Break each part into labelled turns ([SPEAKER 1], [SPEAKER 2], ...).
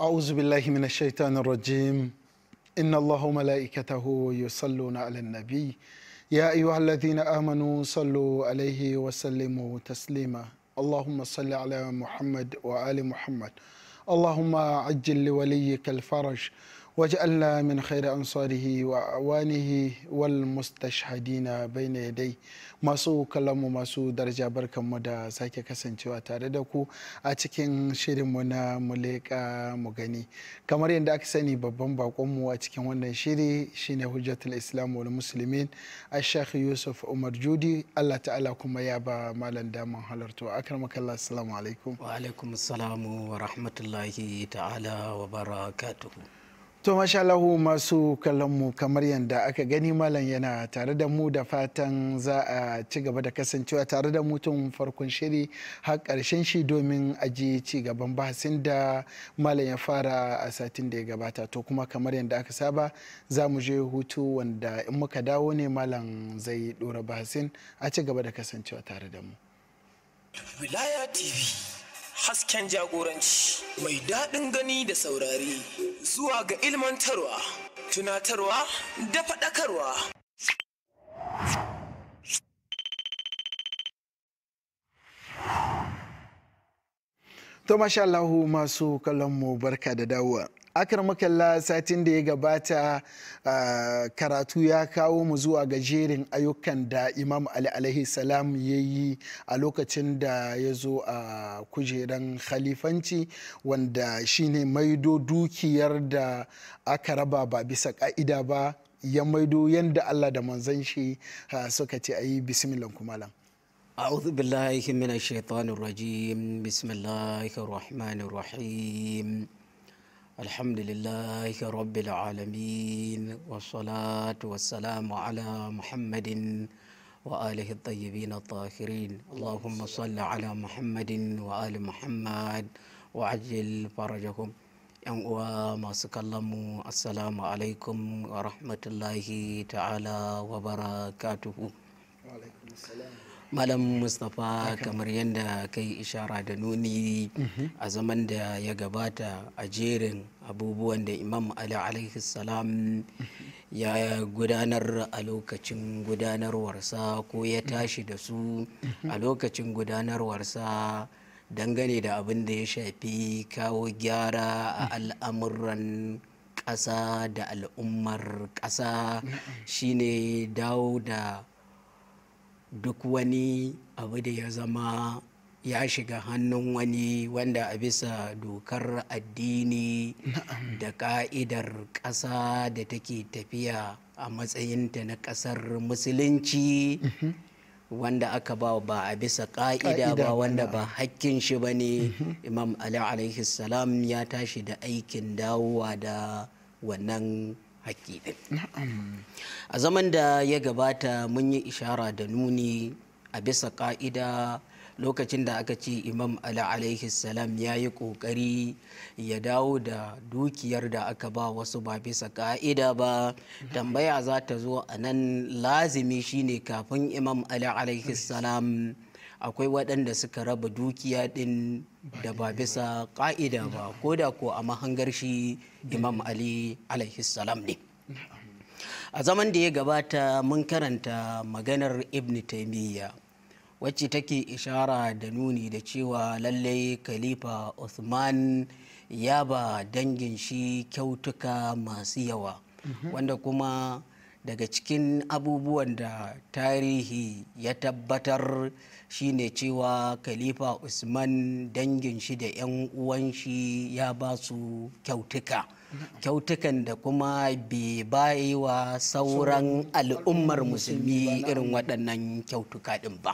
[SPEAKER 1] أعوذ بالله من الشيطان الرجيم إن الله وملائكته يصلون على النبي يا أيها الذين آمنوا صلوا عليه وسلموا تسليما اللهم صل على محمد وآل محمد اللهم عجل لوليك الفرج واجعلنا من خير أنصاره وأعوانه والمستشهدين بين يدي masu kallonmu masu daraja barkanmu da sake kasancewa tare da ku a cikin shirin mu na muleka mu gani kamar yadda aka sani babban bakonmu a cikin wannan shiri shine hujjatul islam wal musulmin ashekh yusuf umar judi allah ta'ala kuma ya ba malam daman halartu akramakallah assalamu alaikum wa alaikum assalamu wa rahmatullahi
[SPEAKER 2] ta'ala wa barakatu.
[SPEAKER 1] To mashalahu masu mu kamar yadda aka gani malam yana tare da mu da fatan za a ci gaba da kasancewa tare da mutum farkon shiri har karshen shi domin aji ci gaban bahasin da malam ya fara a satin da ya gabata to kuma kamar yadda aka saba za mu je hutu wanda in muka dawo ne malam zai dora bahasin a ci gaba da kasancewa tare da mu.
[SPEAKER 3] Wilaya TV hasken jagoranci mai daɗin gani da saurari zuwa ga ilmantarwa tunatarwa da faɗakarwa
[SPEAKER 1] to masha Allahu masu kallon mu barka da dawowa makalla satin da ya gabata karatu ya kawo mu zuwa ga jerin ayyukan da imam ali alaihi salam ya yi a lokacin da ya zo a kujeran khalifanci wanda shine maido dukiyar da aka raba ba bisa ka'ida ba ya maido yadda allah da manzan shi suka ce a yi bismillah kumalan
[SPEAKER 2] أعوذ بالله من الشيطان الرجيم بسم الله الرحمن الرحيم الحمد لله رب العالمين والصلاة والسلام على محمد وآله الطيبين الطاهرين اللهم صل على محمد وآل محمد وعجل فرجهم yan uwa masu kallonmu assalamu alaikum wa rahmatullahi ta'ala wa barakatuhu malam mustapha kamar yadda kai ishara da nuni mhm. a zaman da ya gabata a jerin abubuwan da imam ali alaihi salam ya gudanar a lokacin gudanarwarsa ko ya tashi da su a lokacin gudanarwarsa dangane da abin da ya shafi kawo gyara a al'amuran ƙasa da al'ummar ƙasa shine dawo da duk wani abu da ya zama ya shiga hannun wani wanda a bisa dokar addini da ka'idar ƙasa da take tafiya a matsayinta na ƙasar musulunci mhm. wanda aka ba ba a bisa ka'ida ba wanda ba hakkin shi ba ne mhm. imam alaihi salam ya tashi da aikin dawowa da wannan hakki din a zaman da ya gabata mun yi ishara da nuni a bisa ka'ida lokacin da aka ce imam ali alaihi salam ya yi ƙoƙari ya dawo da dukiyar da aka ba wasu ba bisa ka'ida ba tambaya za ta zo a nan lazimi shine kafin imam ali alaihi salam akwai waɗanda suka raba dukiya ɗin da ba bisa ka'ida ba ko da ko a mahangar shi imam ali alaihi salam ne a zaman da ya gabata mun karanta maganar ibn taimiyya wacce take ishara da nuni da cewa lallai khalifa usman ya ba dangin shi kyautuka masu yawa mhm. wanda kuma daga cikin abubuwan da tarihi ya tabbatar shine cewa khalifa usman dangin shi da 'yan uwan shi ya ba su kyautuka kyautukan da kuma bai bayi wa sauran al'ummar musulmi irin waɗannan kyautuka ɗin ba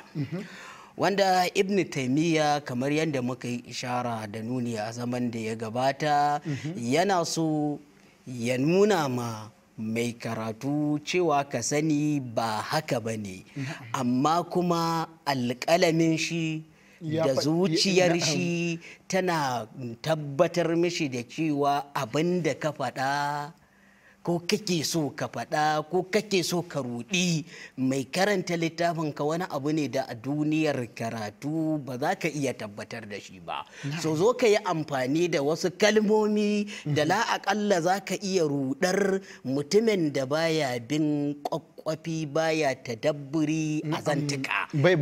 [SPEAKER 2] wanda ibn taimiyya kamar yadda muka yi ishara da nuni a zaman da ya gabata yana so ya nuna ma mai karatu cewa ka sani ba haka ba ne amma kuma alƙalamin shi
[SPEAKER 4] da zuciyar shi
[SPEAKER 2] tana tabbatar mishi da cewa abin da ka faɗa ko kake so ka faɗa ko kake so ka ruɗi mai karanta littafin ka wani abu ne da a duniyar karatu ba za ka iya tabbatar da shi ba so zo ka yi amfani da wasu kalmomi da mm-hmm. aƙalla za ka iya ruɗar mutumin da baya bin kwakwafi baya dabburi, a zantuka bai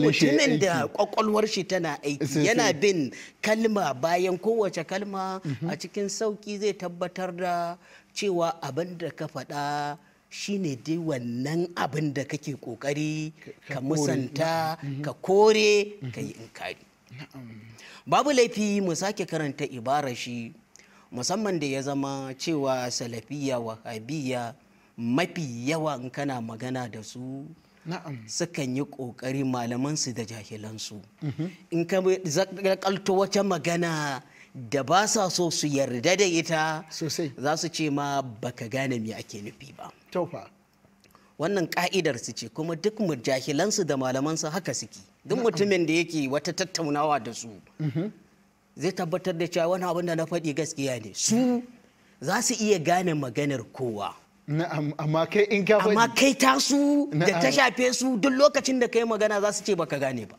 [SPEAKER 2] mutumin da kwakwalwar shi tana aiki yana bin kalma bayan kowace kalma mm-hmm. a cikin sauki zai tabbatar da cewa abin da ka faɗa shine dai wannan abin da kake kokari ka musanta mm-hmm. Mm-hmm. ka kore mm-hmm. ka yi inkari babu laifi mu sake karanta ibara shi musamman da ya zama cewa salafiya wahabiya mafi yawa in kana magana da su sukan yi ƙoƙari malamansu da jahilansu in ka zakalto wata magana da ba sa so su yarda da ita sosai za su ce ma baka gane me ake nufi ba wannan ka'idar su ce kuma duk mujahilansu da malamansu haka suke duk mutumin da yake wata tattaunawa da su mm-hmm. zai tabbatar da cewa wani abin da na faɗi gaskiya ne su za su iya gane maganar kowa amma kai in amma kai tasu da ta shafe su duk lokacin da kai magana za su ce baka gane ba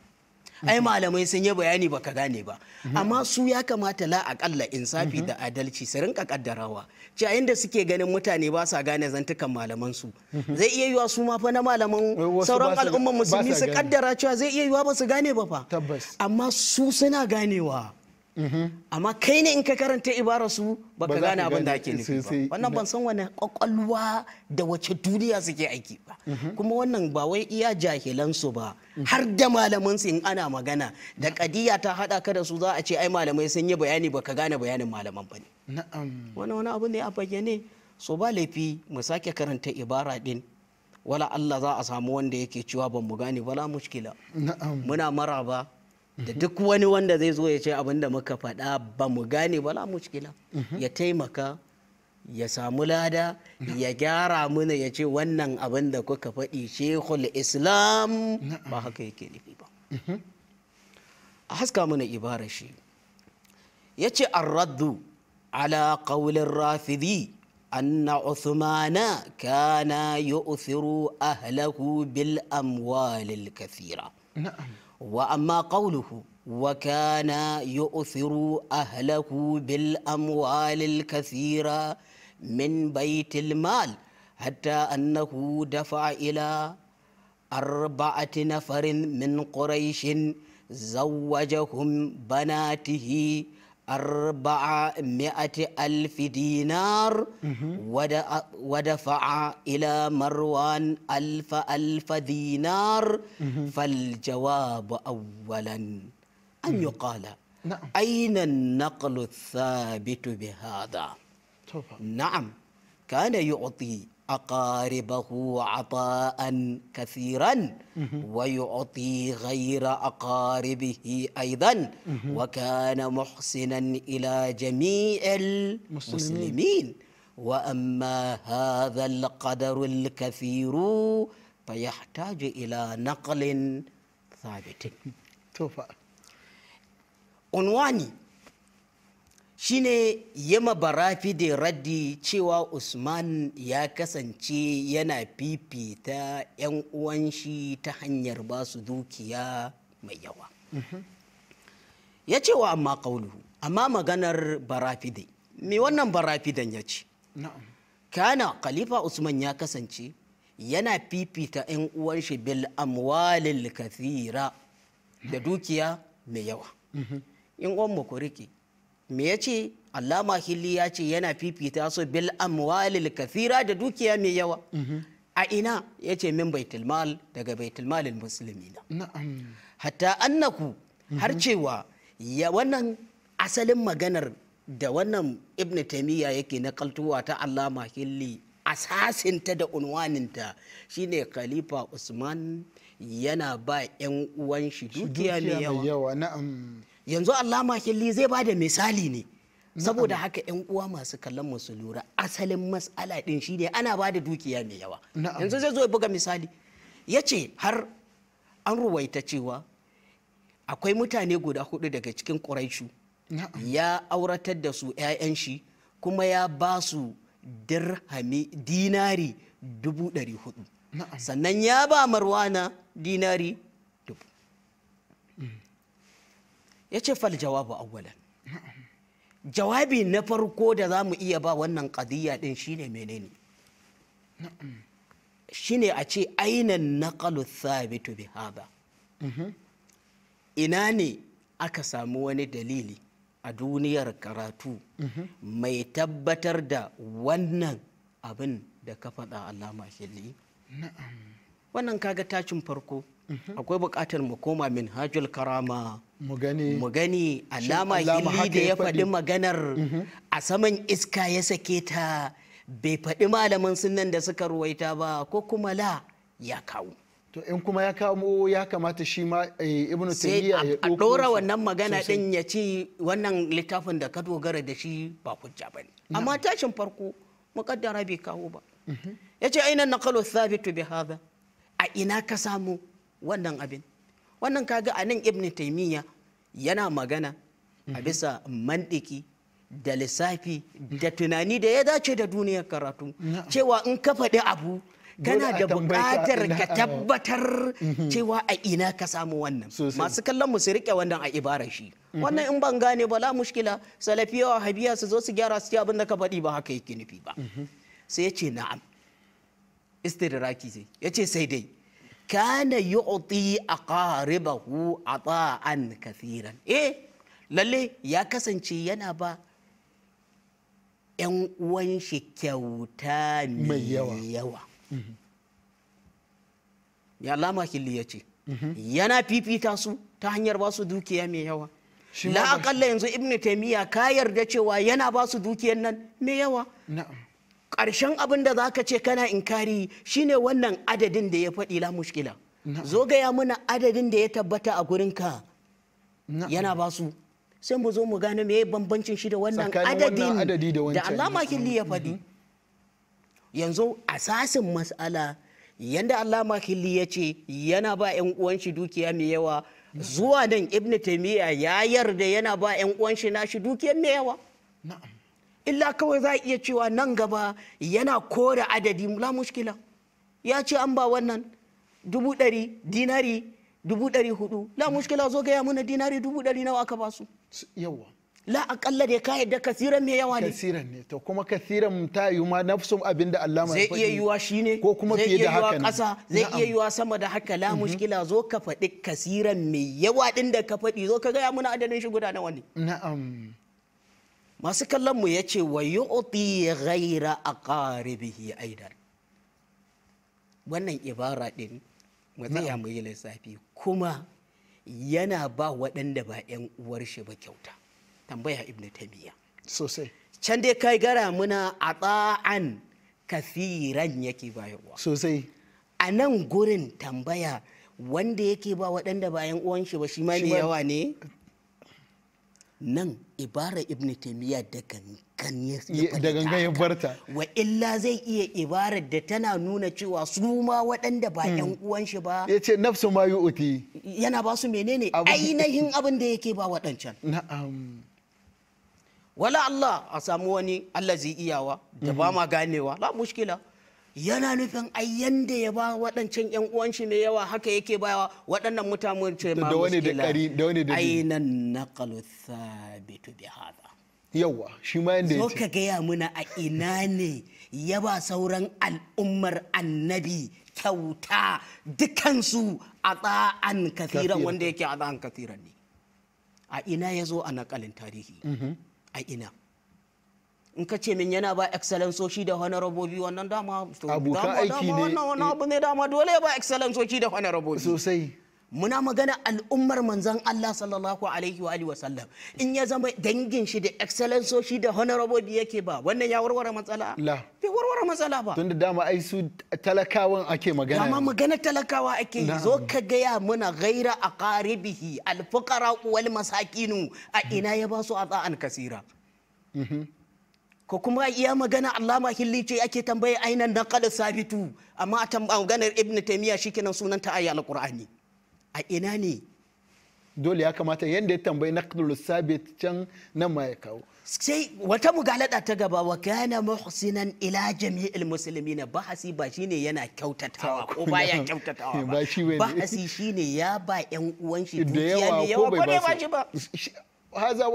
[SPEAKER 2] ai malamai sun yi bayani baka gane ba amma su ya kamata la akalla insafi da adalci su rinka kaddarawa ci da suke ganin mutane ba sa gane zantukan malaman su zai iya yiwa su ma fa na malaman sauran al'umman musulmi su kaddara cewa zai iya yiwa ba su gane ba fa amma su suna ganewa amma kai ne in ka karanta ibara su ba ka gane abin da ake nufi ba wannan ban san wani kwakwalwa da wace duniya suke aiki ba kuma wannan ba wai iya jahilan su ba har da malaman su in ana magana da kadiya ta hada ka da su za a ce ai malamai sun yi bayani ka gane bayanin malaman ba ne wani wani abu ne a bayyane so ba laifi mu sake karanta ibara din wala Allah za a samu wanda yake cewa ban mu gane bala mushkila
[SPEAKER 4] muna muna
[SPEAKER 2] maraba da duk wani wanda zai zo ya ce abin da muka faɗa ba mu gane ba la mushkila mhm. ya taimaka ya samu lada mhm. ya gyara mana ya ce wannan abin da kuka faɗi shekul islam ba haka yake nufi ba mhm. a haska mana ibara shi ya ce raddu ala ƙaunin rafidi أن عثمان كان يؤثر bil بالأموال الكثيرة نعم وأما قوله وكان يؤثر أهله بالأموال الكثيرة من بيت المال حتى أنه دفع إلى أربعة نفر من قريش زوجهم بناته مئة ألف دينار ودفع إلى مروان ألف ألف دينار فالجواب أولا أن يقال نعم. أين النقل الثابت بهذا نعم كان يعطي أقاربه عطاء كثيرا ويعطي غير أقاربه أيضا وكان محسنا إلى جميع المسلمين وأما هذا القدر الكثير فيحتاج إلى نقل ثابت توفى عنواني shine yama barafi da raddi cewa usman ya kasance yana fifita 'yan uwan shi ta hanyar ba su dukiya mai yawa ya ce wa amma kaulu amma maganar barafide me wannan barafidan ya ce kana khalifa usman ya kasance yana fifita 'yan uwanshi bil amwalil kathira da dukiya mai yawa in mhm. uwan mu ku rike me ya ce allama hilli ya ce yana fifita su bil amwalil kafira da dukiya mai yawa mhm. a ina ya ce min baitul mal daga baitul malil musulmi na hatta annaku mhm. har cewa ya wannan asalin maganar da wannan ibn taimiyya yake na kaltuwa ta allama hilli asasinta da unwaninta shine khalifa usman yana ba 'yan uwan shi dukiya mai yawa yanzu allah makilli zai ba da misali ne saboda haka yan uwa masu kallon mu lura asalin mas'ala din shi ne ana ba da dukiya mai yawa yanzu zai zo ya buga misali ya ce har an ruwaita cewa akwai mutane guda hudu daga cikin ƙuraishu ya auratar da su 'ya'yan shi kuma ya ba su dirhami dinari dubu ɗari hudu sannan ya ba marwana dinari ya ce fal jawabu awwalan jawabi na farko da za mu iya ba wannan ƙadiyya ɗin shine menene shine a ce ainihin naƙalu thabitu bi hada ina ne aka samu wani dalili a duniyar karatu mai tabbatar da wannan abin da ka faɗa allama shilli wannan kaga tashin farko Mhm. akwai bukatar mu koma min hajjul karama mu gani alama hili da ya faɗi maganar mhm. a saman iska ya sake ta bai faɗi malaman sunan da suka ruwaita ba ko kuma la ya
[SPEAKER 1] kawo to in kuma ya kamo ya kamata shi ma eh,
[SPEAKER 4] ibn taymiya ya ɗauko ɗora wannan magana ɗin
[SPEAKER 2] ya ce wannan littafin da ka dogara da shi ba hujja bane amma tashin farko muƙaddara bai kawo ba mhm. yace aina naqalu thabitu bi hadha a ina ka samu wannan abin wannan kaga a nan ibn taimiyya yana magana a mhm. bisa mandiki da lissafi da tunani da ya dace da duniyar karatu cewa in ka faɗi abu kana da buƙatar ka tabbatar mhm. cewa a ina ka samu wannan masu kallon mu su riƙe wannan a ibara shi mhm. wannan in ban gane ba la mushkila salafiya wa habiya su zo su gyara su abin da ka faɗi ba haka yake nufi ba sai ya ce na'am Istirraki sai ya ce sai dai kana a aqaribahu ata'an kafiran. eh lalle ya kasance yana ba yan uwan shi kyauta mai yawa ya alama killi ya ce yana fifita su ta hanyar ba su dukiya mai yawa la akalla yanzu Ibn taymiya ka yarda cewa yana ba su dukiyar nan mai yawa Karshen abin da za ka ce kana inkari shine wannan adadin da ya faɗi la mushkila zo gaya mana adadin da ya tabbata a gurinka yana ba su sai mu zo mu gane me bambancin shi da wannan adadin da Allah makilli ya faɗi mm-hmm. yanzu asasin mas'ala yanda Allah makilli ya ce yana ba 'yan uwan shi dukiya mai yawa mm-hmm. zuwa nan ibnu taymiya ya yarda yana ba 'yan uwan shi nashi dukiyar mai yawa na'am illa kawai za a iya cewa nan gaba yana kore adadi la mushkila ya ce an ba wannan dubu ɗari dinari dubu ɗari hudu la mushkila zo gaya mana dinari dubu ɗari nawa aka ba su yawa la aƙalla da ka yadda kasiran
[SPEAKER 1] mai yawa ne kasiran ne to kuma kasiran ta yi ma nafsun abin da Allah mai zai iya yiwa ne ko
[SPEAKER 4] kuma fiye da haka ne zai iya yiwa zai iya
[SPEAKER 2] yiwa sama da haka la mhm. mushkila zo ka faɗi kasiran mai yawa din da ka faɗi zo ka gaya mana adadin shi guda nawa ne na'am masu kallon mu ya ce wa yu'ti ghaira aqaribihi aidan wannan ibara din matsaya mai yi lissafi kuma yana ba waɗanda ba 'yan uwar shi ba kyauta tambaya Ibn tamiya sosai can dai kai gara muna a tsa'an kafiran yake bayarwa sosai a nan gurin tambaya wanda yake ba waɗanda bayan uwan shi ba shi ma ne yawa ne nan ibara ibn taimiyya da gangan ya barta wa illa zai iya ibara da tana nuna cewa su ma waɗanda ba yan hmm. uwan shi ba ya
[SPEAKER 1] ce nafsu ma yi uti
[SPEAKER 2] yana ba su menene ainihin abin da yake ba waɗancan na'am wala Allah a samu wani Allah zai iyawa da ba ma ganewa la mushkila yana nufin ai yanda ya ba waɗancan yan uwan shi ne yawa haka yake bayawa waɗannan mutanen ce ma da wani da ƙari da wani da ainan naqalu thabitu bi hada yawa shi ma yanda yake ka gaya muna a ina ne ya ba sauran al'ummar annabi kyauta dukansu a tsa'an kafiran wanda yake a tsa'an kafiran ne a ina ya zo a naƙalin tarihi mm-hmm. a ina in ka ce min yana ba excellence da honorable wannan dama abokan aiki ne wannan eh. abu ne dama dole ba excellencoshi da honorable sosai muna magana al'ummar manzan Allah sallallahu alaihi wa alihi wasallam in ya zama dangin shi da excellencoshi da honorable yake ba wannan ya warware matsala la bai warware matsala ba tunda dama ai su talakawan
[SPEAKER 1] ake magana dama
[SPEAKER 2] magana talakawa ake zo ka gaya muna ghaira aqaribihi al-fuqara wal masakinu a ina ya ba su azaan kasira mhm. ko kuma iya magana allama hilli ce ake tambaye ainihin na kada sabitu amma a maganar ibn taimiyya shi kenan sunan ta aya alkur'ani a ina ne dole ya kamata yadda ya tambayi naqdul sabit can nan ma ya kawo sai wata mugalada ta gaba wa kana muhsinan ila jami'il na bahasi ba shine yana kyautatawa ko baya kyautatawa ba bahasi shine ya ba yan uwan shi dukiya ne yawa ko ba shi ba haza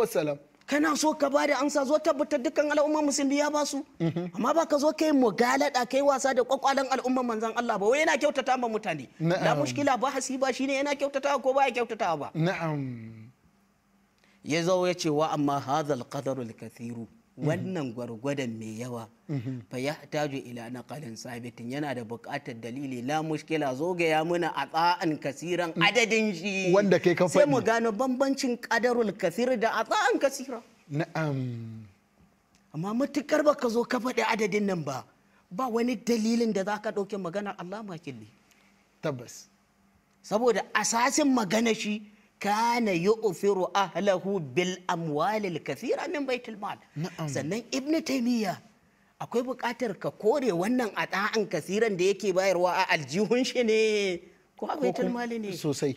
[SPEAKER 2] kana so ka bada amsa zo tabbatar dukkan al'umma musulmi ya ba su mhm. amma ba ka zo kai mugalada kai wasa da kwakwalan al'umman manzon Allah ba wai yana kyautata ma mutane Na mushkila ba hasiba shine yana kyautata ko ba ya kyautata ba na'am ya zo ya ce wa amma hadha al-qadaru al-kathiru wannan mhm. gwargwadon mai yawa mhm. fa ya taju ila naqalin sabitin yana da buƙatar dalili la mushkila zo ga ya muna a tsa'an kasiran mm. adadin shi wanda kai ka sai mu gano bambancin qadarul kasir da a tsa'an kasira na'am amma matukar baka zo ka faɗi adadin nan ba ba wani dalilin da zaka dauke maganar Allah makilli tabbas saboda asasin magana shi kana yu'firu ahlahu bil amwalil kathira min baitul mal sannan Ibn taymiya akwai buƙatar ka kore wannan ada'an kasiran da yake bayarwa a aljihun shi ne ko a baitul mali ne sosai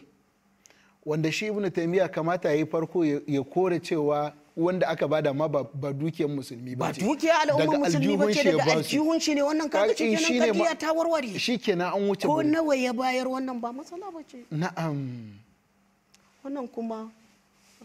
[SPEAKER 1] wanda shi ibnu taymiya kamata yayi farko ya kore cewa wanda aka bada ma ba dukiyar musulmi ba ce. Ba dukiyar al'ummar musulmi ba ce daga aljihun
[SPEAKER 2] shi ne wannan kaga cikin kenan kadiya ta warware.
[SPEAKER 1] Shi kenan an wuce. Ko
[SPEAKER 2] nawa ya bayar wannan ba matsala ba ce.
[SPEAKER 1] Na'am.
[SPEAKER 2] wannan kuma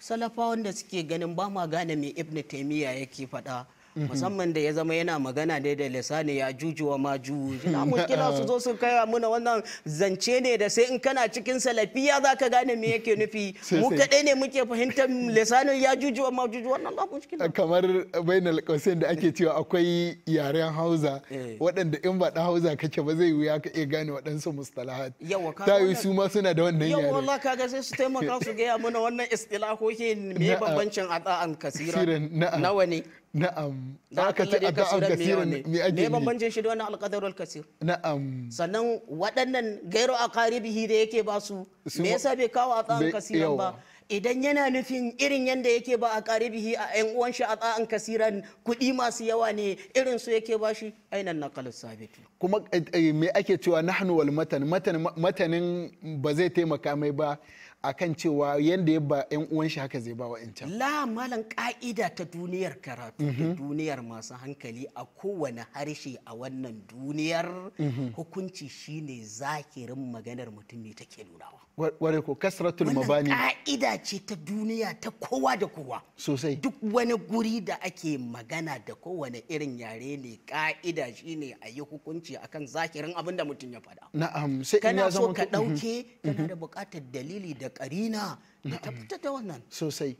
[SPEAKER 2] salafawan da suke ganin ba ma gane mai ibn taimiyya yake faɗa musamman da ya zama yana magana ne da lisani ya jujuwa ma juju na kira su zo su kaya muna wannan zance ne da sai in kana cikin salafiya za ka gane me yake nufi mu kaɗai ne muke fahimtar lisanin ya jujuwa ma juju wannan ba
[SPEAKER 1] eh, kamar bainal kausain da ake cewa akwai yaren hausa eh. waɗanda in ba ɗan hausa kake ba zai wuya ka iya gane waɗansu mustalahat ta yi su ma suna da wannan yare yawa Allah
[SPEAKER 2] kaga sai su taimaka su gaya muna wannan istilahohin me bambancin ada'an kasira nawa ne na'am
[SPEAKER 1] za ka ce addu'an kasir mai ake ne bambancin
[SPEAKER 2] shi da wannan alqadarul kasir na'am sannan waɗannan a karibihi da yake ba su me yasa bai kawo a tsarin kasiran ba idan yana nufin irin yadda yake ba a karibihi a yan uwan shi a tsarin kasiran kuɗi masu yawa ne irin su yake ba shi ainihin naqal sabitu kuma eh, eh, me
[SPEAKER 1] ake cewa nahnu wal matan matanin ba zai taimaka mai ba A kan cewa yadda ya ba 'yan uwan shi haka zai ba wa
[SPEAKER 2] can. La malam ka'ida ta duniyar karatu da mhm. duniyar masu hankali a kowane harshe a wannan duniyar mhm. hukunci shine zahirin maganar mutum ne take nunawa.
[SPEAKER 1] ware ko kasratul mabani wannan
[SPEAKER 2] ka'ida ce ta duniya ta kowa da kowa sosai duk wani guri da ake magana da kowane irin yare ne ka'ida shine a yi hukunci akan zahirin abin da mutum ya faɗa na'am sai in ya zama kana so ka ɗauke. Mhm. kana mhm. da buƙatar dalili da ƙarina. da tabbatar da wannan sosai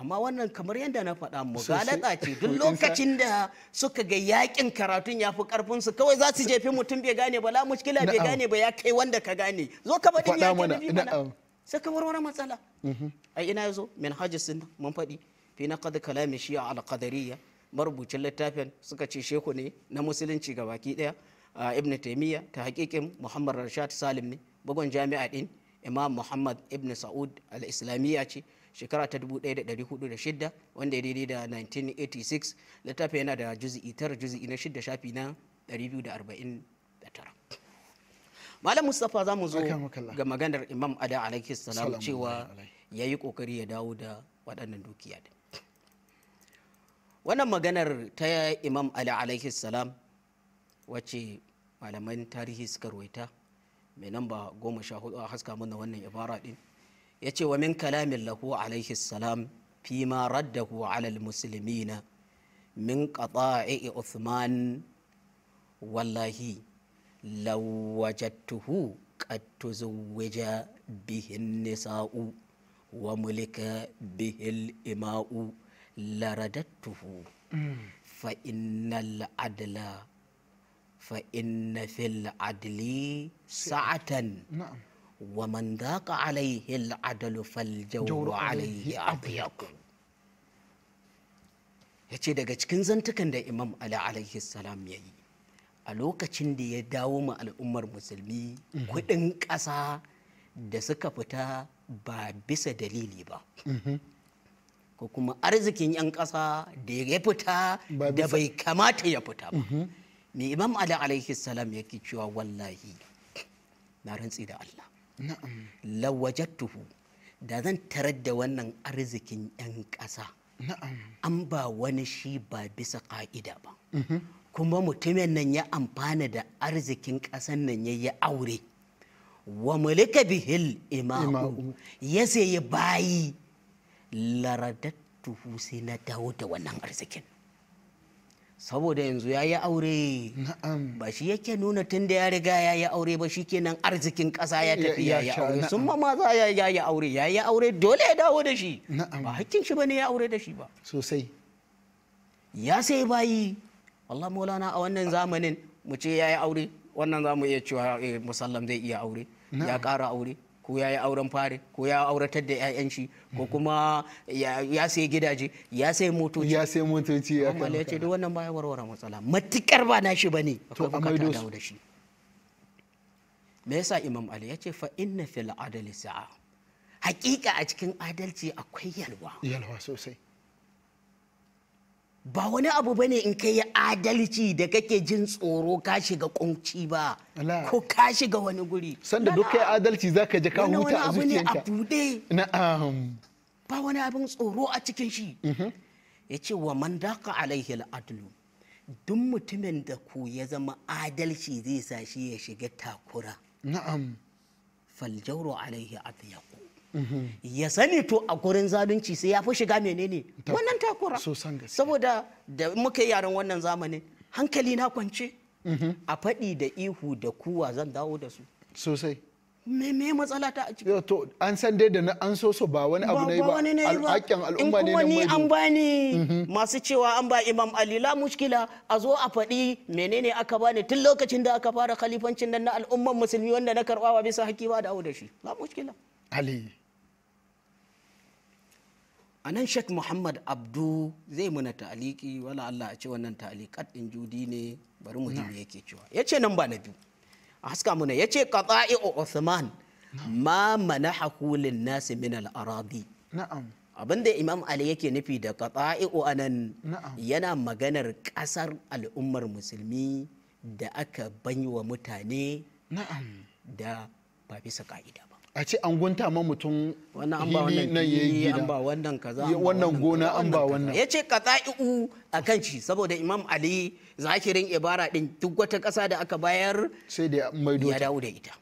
[SPEAKER 2] amma wannan kamar yadda na faɗa mugalata ce duk lokacin da suka ga yakin karatun ya fi karfin su kawai za su jefi mutum bai gane ba la mushkila bai gane ba ya kai wanda ka gane zo ka faɗi ya ke mana sai ka warware matsala mm-hmm. ai ina yazo min sun mun faɗi fi na qad kalami shi a qadariyya marubucin littafin suka ce shehu ne na musulunci ga baki daya ibn taimiyya ta hakikin muhammad rashad salim ne bugun jami'a ɗin imam muhammad ibn sa'ud al islamiyya ce shekara ta 1406 wanda ya daidai da 1986 littafin yana da juzi'i tara juzi'i na shida shafi na 249 malam mustapha za mu zo ga maganar imam ada alaihi salam cewa ya yi kokari ya dawo da waɗannan dukiya da. wannan maganar ta imam ali alaihi salam wacce malaman tarihi suka ruwaita mai namba goma sha hudu a haska mana wannan ibara din يأتي ومن كلام الله عليه السلام فيما رده على المسلمين من قطاع عثمان والله لو وجدته قد تزوج به النساء وملك به الإماء لرددته فإن العدل فإن في العدل سعة نعم wa man daqa alaihi al'adalu fal jawru alaihi yace daga cikin zantukan da Imam Ali alaihi salam yayi a lokacin da ya dawo ma al'ummar musulmi mhm. kudin ƙasa da suka fita ba bisa dalili ba mhm. ko kuma arzikin 'yan ƙasa da ya fita da bai kamata ya fita ba mhm. me imam ali alaihi salam yake cewa wallahi na rantsi da allah lawajattuhu da zan tarar da wannan arzikin 'yan ƙasa an ba wani shi ba bisa ƙa'ida ba mhm. kuma mutumin nan ya amfana da arzikin ƙasan nan ya yi aure wa mulika bihil imamu ya sayi bayi laradattuhu sai na dawo da wannan arzikin saboda yanzu ya yi aure ba shi yake nuna tun da ya riga ya yi aure ba shi kenan arzikin ƙasa ya tafi ya yi aure sun ma maza ya yi aure ya yi aure dole ya dawo da shi ba hakkin shi ba ne ya aure da shi ba sosai ya sai bayi Allah maulana a wannan zamanin mu ce ya yi aure wannan za mu iya cewa eh, musallam zai iya aure ya ƙara aure ko ya yi auren fari ko ya auratar da 'ya'yan shi ko mhm. kuma ya sai gidaje ya sai motoci ya sai motoci ya kan ya ce duk wannan baya warware matsala matukar ba na shi bane ne. to dawo da shi me yasa imam ali ya ce fa inna fil adli sa'a hakika a cikin adalci akwai yalwa yalwa sosai ba wani abu ba ne in ka yi adalci da kake jin tsoro ka shiga kunci ba ko ka shiga wani guri sanda duk kai adalci za ka je ka huta a zuciyanka wani abu ne a ba wani abin tsoro a cikin shi mm-hmm. ya ce wa man daka alaihi al'adlu duk mutumin da ku ya zama adalci zai sa shi ya shiga takura na'am faljauro alaihi adyab ya sani to a gurin zalunci sai ya fi shiga menene wannan takura saboda da muka yi yaran wannan zamanin hankali na kwance mhm. a faɗi da ihu da kuwa zan dawo da su sosai me me matsala ta a ciki to an san dai da an so so ba wani abu ne ba al'aƙin al'umma ne ni an bani mhm. masu cewa an ba imam ali la mushkila a zo a faɗi menene aka bani tun lokacin da aka fara khalifancin nan na al'umman musulmi wanda na karɓawa bisa haƙi ba da da shi la mushkila ali a nan sheikh muhammad abdu zai muna ta'aliki wala allah a ce wannan ta'alikat in judi ne bari mu me yake cewa ya ce nan ba na biyu a haska muna ya ce o uthman ma mana hakulin nasi min al'arabi abinda imam ali yake nufi da o anan yana maganar kasar al'ummar musulmi da aka banywa mutane da ba bisa ka'ida a ce an gunta ma mutum hili nan ya yi gida wannan gona an ba wannan ya ce iu a kan shi saboda imam ali zakirin ibara din duk wata kasa da aka bayar sai da ya dawo da ita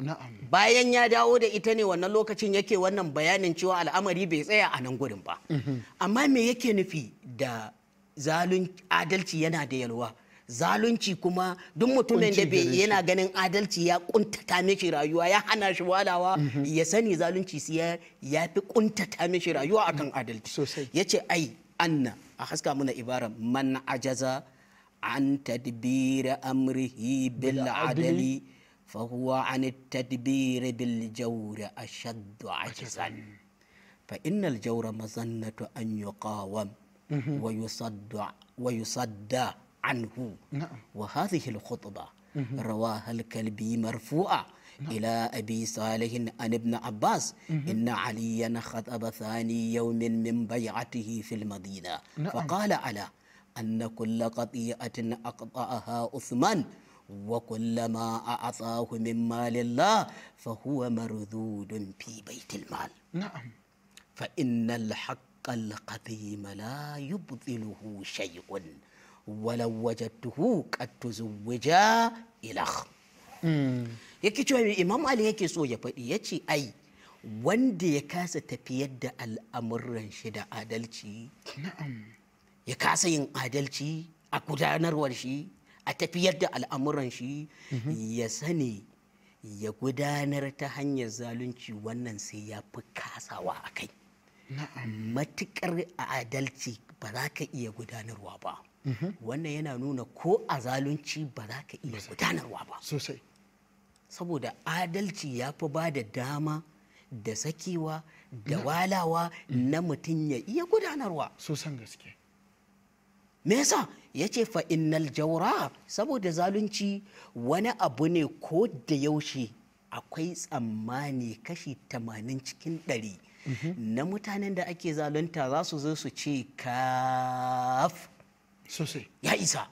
[SPEAKER 2] bayan ya dawo da ita ne wannan lokacin yake wannan bayanin cewa al'amari bai tsaya a nan gurin ba mhm. amma me yake nufi da zalun adalci yana da yalwa zalunci kuma duk mutumin da bai yana ganin adalci ya kuntata mishi rayuwa ya hana shi walawa mhm. ya sani zalunci siya ya fi kuntata mishi rayuwa akan adalci ya ce ai anna a haska muna ibara man ajaza an tadbira amrihi bil adali fa huwa an tadbira bil jawra ashaddu ajzan fa innal jawra mazannatu an yuqawam mhm. wa yusadda عنه نعم. وهذه الخطبة رواها الكلبي مرفوعة نعم. إلى أبي صالح عن ابن عباس نعم. إن عليا خطب ثاني يوم من بيعته في المدينة نعم. فقال على أن كل قطيعة أقطعها عثمان ما أعطاه من مال الله فهو مردود في بيت المال نعم فإن الحق القديم لا يبذله شيء walau tuhu qad tuzawwaja ilah hmm. yake cewa imam ali yake so ya faɗi yace ai wanda ya kasa tafiyar da al'amuran shi da adalci ya kasa yin adalci a gudanarwar shi a tafiyar da al'amuran shi mhm. ya sani ya gudanar ta hanyar zalunci wannan sai ya fi kasawa a kai matuƙar adalci ba za ka iya gudanarwa ba wannan yana nuna ko a zalunci ba za ka iya gudanarwa ba sosai saboda adalci ya fi ba da dama da sakewa da walawa mm. na mutum ya iya gudanarwa sosan gaske me yasa ya ce fa'innal jaura saboda zalunci wani abu ne ko da yaushe akwai tsammani kashi tamanin cikin 100 mm-hmm. na mutanen da ake zalunta za su zo su ce kaf sosai ya isa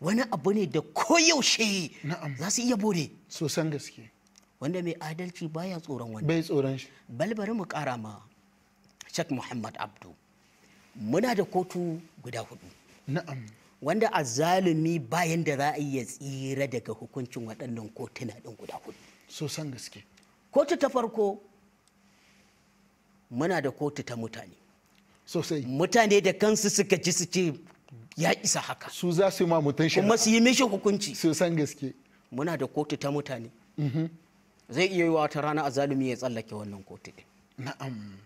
[SPEAKER 2] wani abu ne da koyaushe za su iya bore sosan gaske wanda mai adalci baya tsoron wani bai tsoron shi balbari mu kara ma shek muhammad abdu muna da kotu guda hudu na'am wanda a zalumi bayan da za a iya tsira daga hukuncin waɗannan kotuna ɗin guda hudu sosan gaske kotu ta farko muna da kotu ta mutane sosai mutane da kansu suka ji su ce ya isa haka su za su yi ma mutum shi kuma su yi mishi hukunci su san gaske muna da kotu ta mutane mm-hmm. zai iya yi wata rana a zalumi ya tsallake wannan kotu na'am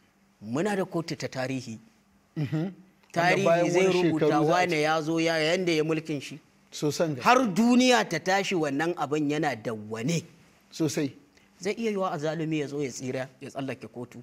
[SPEAKER 2] muna da kotu ta tarihi mm-hmm. tarihi zai rubuta wane ya zo ya yanda ya mulkin shi har duniya ta tashi wannan abin yana wane sosai zai iya yiwa a zalumi ya zo ya tsira ya tsallake kotu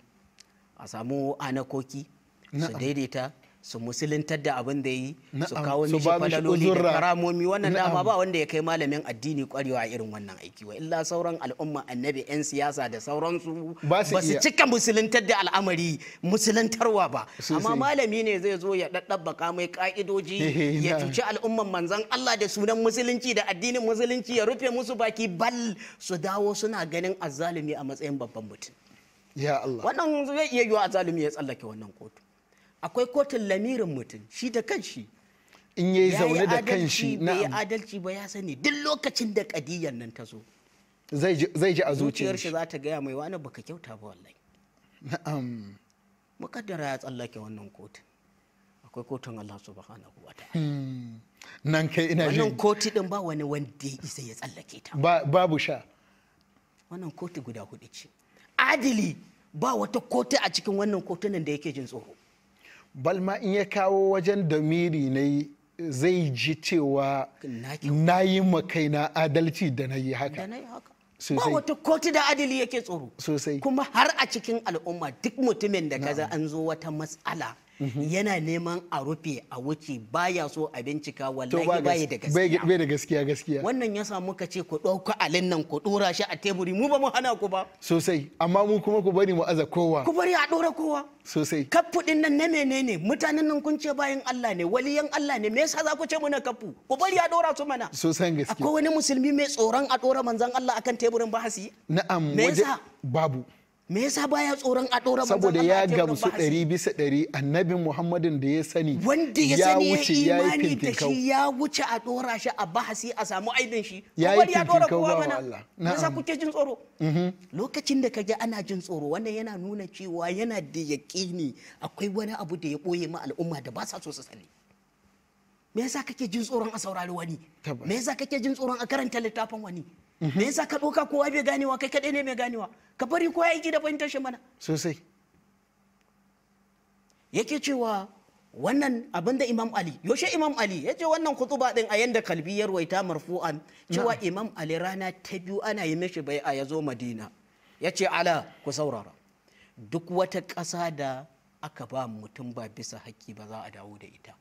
[SPEAKER 2] a samu anakoki su daidaita su musuluntar da abin da yi su kawo mishi falaloli da karamomi wannan dama ba wanda ya kai malamin addini kwarewa a irin wannan aiki wa illa sauran al'umma annabi yan siyasa da sauransu ba su cika musuluntar da al'amari musuluntarwa ba amma malami ne zai zo ya daddabaka mai ka'idoji eh, eh, ya cuci al'umman manzon Allah da sunan musulunci da addinin musulunci ya rufe musu baki bal su dawo suna ganin azzalumi a matsayin babban mutum ya Allah wannan zai iya yiwa azzalumi ya tsallake wannan kotu akwai kotun lamirin mutum shi da kanshi in yayi zaune da kanshi na yi adalci ba ya sani duk lokacin da kadiyan nan ta zo zai ji a zuciyar shi za ta gaya mai wani baka kyauta ba wallahi na'am mukaddara ya tsallake wannan kotun akwai kotun Allah subhanahu wa ta'ala
[SPEAKER 4] hmm. nan kai ina jin wannan
[SPEAKER 2] koti din ba wani wanda ya isa ya tsallake ta babu sha wannan koti guda hudu ce adili ba wata koti a cikin wannan kotunan da yake jin tsoro balma in
[SPEAKER 1] ya kawo wajen damiri ne zai ji cewa na yi
[SPEAKER 2] na adalci da na yi haka ba wata kotu da adali yake tsoro sosai kuma har a cikin al'umma duk mutumin da kaza an zo wata matsala Mhm. yana neman a rufe a wuce baya so a bincika wallahi da gaskiya bai
[SPEAKER 1] da gaskiya gaskiya
[SPEAKER 2] wannan ya samu ka ce ku ɗauka alin nan ku dora shi a teburi mu ba mu hana ku ba sosai
[SPEAKER 1] amma mu kuma ku bari mu aza kowa ku bari
[SPEAKER 2] a ɗora kowa sosai din nan na menene mutanen nan kun ce bayan Allah ne waliyan Allah ne me yasa za ku ce muna kafu ku bari a dora su mana sosan gaskiya akwai wani musulmi mai tsoron a ɗora manzon Allah akan teburin bahasi
[SPEAKER 1] na'am me yasa babu
[SPEAKER 2] me yasa baya tsoron a dora saboda ya gamsu ɗari
[SPEAKER 1] bisa ɗari annabin muhammadin da ya sani wanda ya sani ya imani da shi
[SPEAKER 2] ya wuce a dora shi a bahasi a samu aibin shi ya yi fintinkau ba wa Allah yasa kuke jin tsoro mm-hmm. lokacin da kaje ana jin tsoro wannan yana nuna cewa yana da yaƙini akwai wani abu da ya ɓoye ma al'umma da ba sa so su sani me yasa kake jin tsoron a saurari wani me yasa kake jin tsoron a karanta littafin wani Mhm. me yasa ka ɗauka kowa bai ganewa kai kaɗai ne mai ganewa ka bari kowa aiki da fahimtar shi mana sosai yake cewa wannan abin da imam ali yaushe imam ali ya ce wannan kutuba ɗin a yanda kalbi ya ruwaita marfu'an cewa imam ali rana ta biyu ana yi mishi bai a ya zo madina ya ce ala ku saurara duk wata ƙasa da aka ba mutum ba bisa haƙƙi ba za a dawo da ita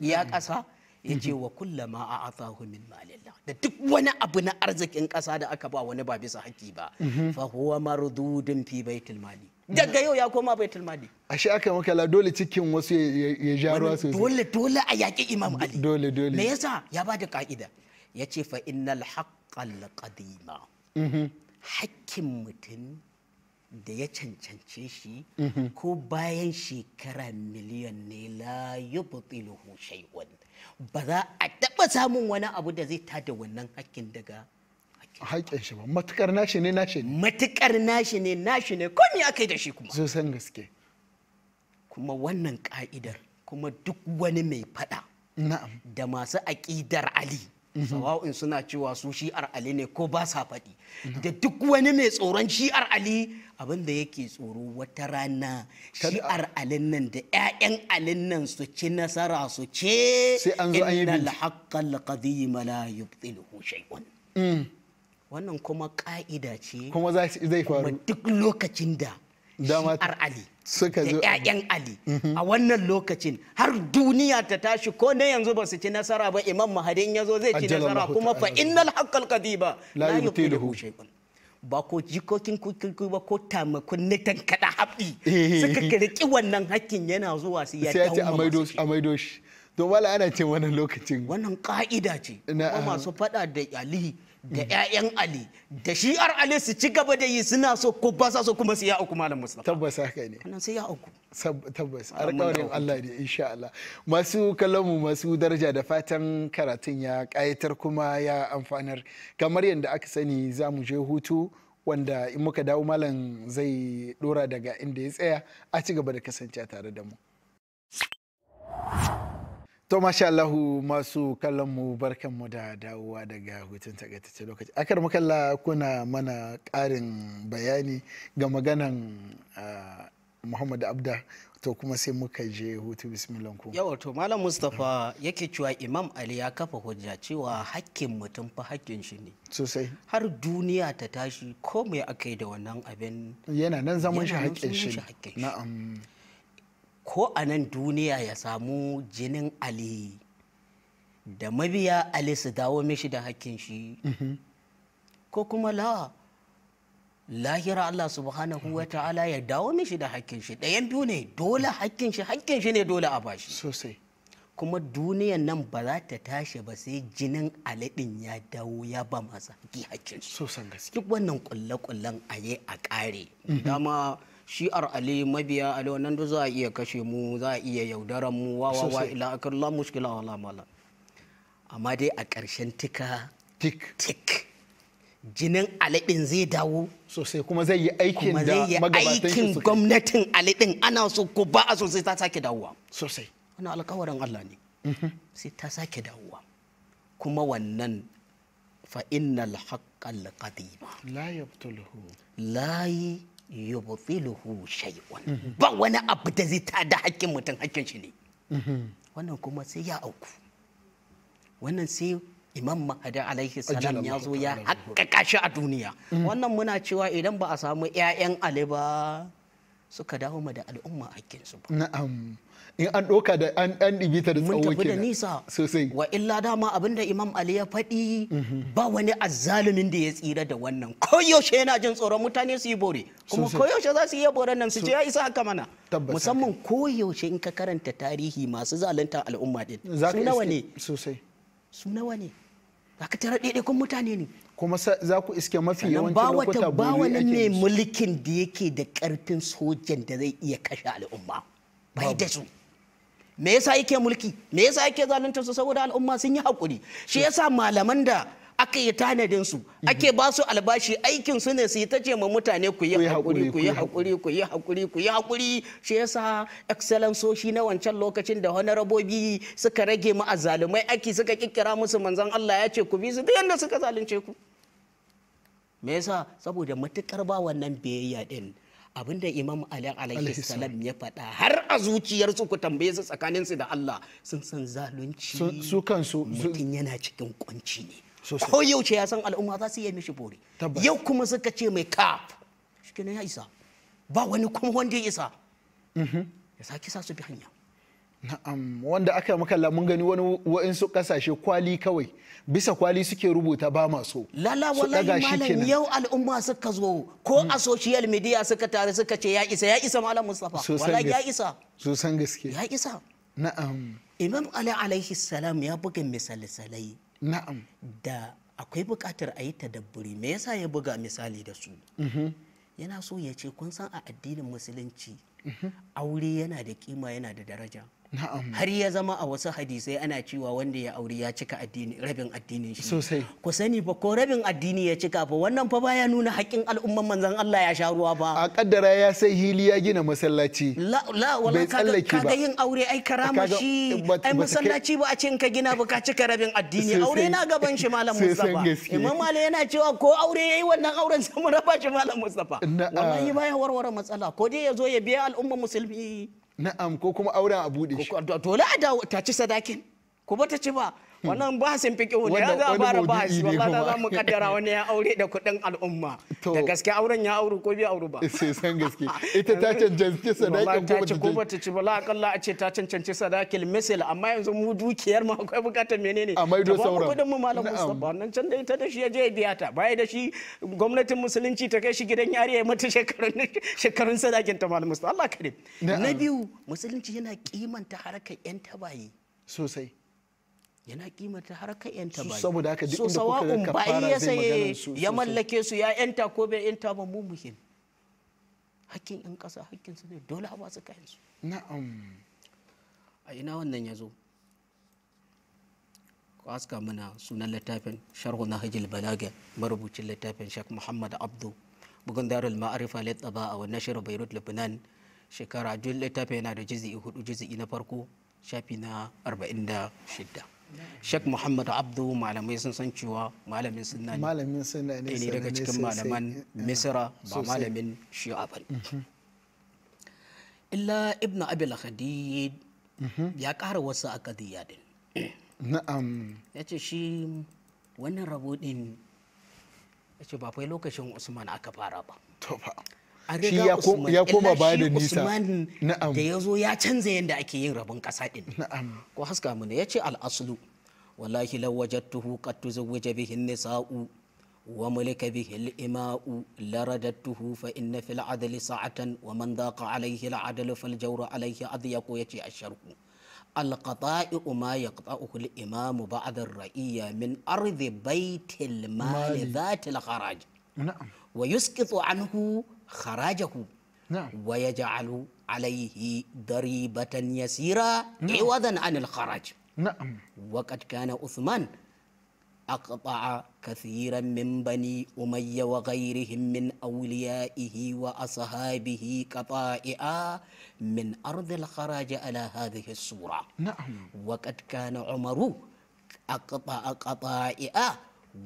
[SPEAKER 2] iya ƙasa ya ce wa ma a atahu min malillah da duk wani abu na arzikin ƙasa da aka ba wani ba bisa haƙƙi ba mhm. fa huwa mardudun fi baitul mali daga yau ya koma baitul mali
[SPEAKER 1] shi aka makala dole cikin wasu ya ja ruwa sosai dole dole a yaƙi imam ali dole dole me
[SPEAKER 2] yasa ya ba da ka'ida ya ce fa innal haqqal qadima mhm. haƙƙin mutum da ya cancance shi mhm. ko bayan shekara miliyan ne la yubtiluhu shay'un ba za a taɓa samun wani abu da zai tada wannan hakkin daga haƙƙin shi ba matukar nashi ne nashi ne matukar nashi ne nashi ne ko me aka yi da shi kuma zo san gaske kuma wannan ka'idar kuma duk wani mai fada na'am da masu aƙidar ali mhm. sawa'un suna cewa su shi'ar ali ne ko ba sa faɗi da duk wani mai tsoron shi'ar ali abin da yake tsoro wata rana shi'ar alin nan da 'ya'yan alin nan su ci nasara su ce inna alhaqqal qadim la yubtiluhu shay'un mm. wannan kuma ka'ida ce kuma zai faru duk lokacin da shi'ar ali suka zo da 'ya'yan ali mm-hmm. a wannan lokacin har duniya ta tashi ko ne yanzu ba su ci nasara ba imam mahadin ya zo zai ci nasara kuma fa innal haqqal qadiba la yubtiluhu shay'un ba ko jikokin kuku ba ko tamakon na tankada haɓi eh. suka kirki wannan hakkin yana zuwa su ya dawo a maido shi to wala ana ce wannan lokacin wannan ka'ida ce masu fada da alihi da 'ya'yan ali da shi'ar ali su ci gaba da yi suna so ko ba sa so kuma su ya uku malam mustafa tabbas haka ne
[SPEAKER 1] kana sai ya uku tabbas alƙawarin Allah ne insha Allah masu mu masu daraja da fatan karatun ya ƙayatar kuma ya amfanar kamar yadda aka sani za mu je hutu wanda in muka dawo malam zai dora daga inda ya tsaya a ci gaba da kasance tare da mu. To masha Allahu masu kallon mu barkan mu da dawowa daga hutun takaitacce lokaci. Akar kalla kuna mana ƙarin bayani ga maganan ah, Muhammad Abda to kuma sai muka je hutu bismillah
[SPEAKER 2] ku. Yawa to Malam Mustapha yake cewa Imam Ali ya kafa hujja cewa hakkin mutum fa hakkin shi ne. Sosai. Har duniya ta tashi ko me da wannan abin. Yana nan zaman shi hakkin shi. Na'am. ko a nan duniya ya samu jinin ali da mabiya ali su dawo mishi da hakkin shi mhm. ko kuma la lahira Allah subhanahu wa ta'ala ya dawo mishi da hakkin shi ɗayan biyu ne dole hakkin shi hakkin shi ne dole a bashi sosai kuma duniyan nan ba za ta tashi ba sai jinin aladin ya dawo ya ba masa. haƙi hakkin shi sosan gaske duk wannan kulle-kullen a yi a ƙare mhm. dama shi'ar ali mabiya ali wannan duk za a iya kashe mu za a iya yaudaran mu wa wa wa ila la mushkila wa mala amma dai a ƙarshen tika tik tik jinin alibin zai dawo sosai kuma zai yi aikin da aikin gwamnatin alibin ana so ko ba a sosai ta sake dawowa sosai ana alkawarin Allah ne mhm. sai ta sake dawowa kuma wannan fa innal haqqal qadima la yabtuluhu la yubtiluhu shay'un ba wani abu da zai tada hakkin mutum hakkin shi ne wannan kuma sai ya auku wannan sai imam mahdi alaihi salam ya zo ya haƙaƙa shi a duniya mm. wannan muna cewa idan ba a samu 'ya'yan ali ba suka dawo ma da al'umma hakkinsu ba na'am in an ɗauka da an ɗibi ta da tsawo kenan. da nisa sosai. Wa illa dama abinda Imam Ali ya faɗi mhm. ba wani azzalumin da ya tsira da wannan. Koyaushe yana jin tsoron mutane su yi bore. Kuma koyaushe za su yi bore nan su ce ya isa haka mana. Musamman koyaushe in ka karanta tarihi masu zalunta al'umma din. Su nawa ne? Sosai. Su nawa ne? Za ka tara kun mutane ne. kuma za ku iske mafi yawancin lokuta ba wani ne mulkin da yake da karfin sojan da zai iya kashe al'umma bai da su me yasa yake mulki me yasa yake zalunta su saboda al'umma sun yi hakuri shi yasa malaman da aka yi tanadin su mhm. ake ba su albashi aikin su ne su yi ta ce ma mutane ku yi hakuri ku yi hakuri ku yi hakuri ku yi hakuri shi yasa shi na wancan lokacin da honorable suka rage mu azalumai aiki suka kikkira musu manzon Allah ya ce ku bi su duk yanda suka zalunce ku me yasa saboda matukar ba wannan biyayya din abinda imam ali alaihi salam ya faɗa har a zuciyarsu ku tambaye su tsakaninsu da Allah sun san zalunci su kansu mutum yana cikin kunci ne ko yaushe ya san al'umma za su yi mishi bore yau kuma suka ce mai kaf shi ya isa ba wani kuma wanda ya isa mhm. ya sa su bi hanya
[SPEAKER 1] Na'am, wanda aka makalla mun gani wani wa'insu kasashe kwali kawai bisa kwali suke rubuta ba maso. Lala wallahi malam yau
[SPEAKER 2] al'umma suka zo ko a social media suka tare suka ce ya isa ya isa malam Mustapha wallahi ya isa. Sosan gaske. Ya isa. Na'am. Imam Ali alaihi salam ya buga salai. Na'am. Da akwai buƙatar a yi tadabburi me yasa ya buga misali da su. Mm-hmm. Yana so ya ce kun san a addinin musulunci mm-hmm. aure yana da kima yana da daraja. har ya zama a wasu hadisai ana cewa wanda ya auri ya cika addini rabin addinin shi sosai ku sani ba ko rabin addini ya cika ba wannan fa baya nuna haƙin al'umman manzon Allah ya sha ruwa ba a kaddara ya sai hili ya gina masallaci la la wala kaga yin aure ai karama shi ai masallaci ba a ce in ka gina ba ka cika rabin addini aure na gaban shi malam Mustafa Imam malam yana cewa ko aure yayi wannan auren sai mu raba shi malam Mustafa wallahi baya warware matsala ko dai ya zo ya biya al'umman musulmi na'am ko kuma auren a bude shi to la dawo ta ci sadakin ko ba ta ci ba wannan Ba bahasin fiƙihu ne ya za a fara bahasi wallahi za mu kaddara wani ya aure da kuɗin al'umma da gaske auren ya auru ko bi auru ba sai san
[SPEAKER 1] gaske ita ta cancanci sadakin ta ci ko bata
[SPEAKER 2] ci ba akalla a ce ta cancanci sadakin misal amma yanzu mu dukiyar ma akwai bukatar menene a maido sauran kuɗin mu malam Mustafa wannan can da ita da shi ya je biya ta baya da shi gwamnatin musulunci ta kai shi gidan yari ya mata shekarun shekarun sadakin ta malam Mustafa Allah kare na biyu musulunci yana kimanta harkar yan tabayi sosai yana kimanta har ka yanta ba saboda haka duk inda kuka ga zai magana saye ya mallake su ya yanta ko bai yanta ba mu muhim hakkin yan kasa hakkin su ne dole ba su kai su na'am a ina wannan ya zo ku aska mana sunan littafin sharhu na hajjil balaga marubucin littafin shak muhammad abdu bugun darul ma'arifa tsaba a wannan shirin beirut lebanon shekara jun littafin yana da jizi hudu jizi na farko shafi na 46 Sheikh Muhammad Abdu malamai sun san cewa malamin sunna ne. Malamin sunna ne. Ne daga cikin malaman eh, Misra ba malamin Shi'a ba. Mhm. Illa Ibn Abil Khadid mhm. ya ƙara wasu akadiyya din. Na'am. Ya ce shi wannan rabo din ya ce ba fai lokacin Usman aka fara ba. To ba. shi ya koma ba da nisa na'am da ya ya canza yanda ake yin rabon kasa din na'am ko haska mu ne yace al aslu wallahi law wajadtuhu qad tuzawwaja bihi nisa'u wa mulika bihi al ima'u laradatuhu fa inna fil adli sa'atan wa man daqa alayhi al adlu fal jawru alayhi adyaqu yace asharku القطائع ما يقطعه الإمام بعد الرئية من أرض بيت المال ذات الخراج نعم ويسقط عنه خراجه نعم ويجعل عليه ضريبة يسيرة نعم. عوضا عن الخراج نعم وقد كان عثمان أقطع كثيرا من بني أمية وغيرهم من أوليائه وأصحابه قطائع من أرض الخراج على هذه الصورة نعم وقد كان عمر أقطع قطائع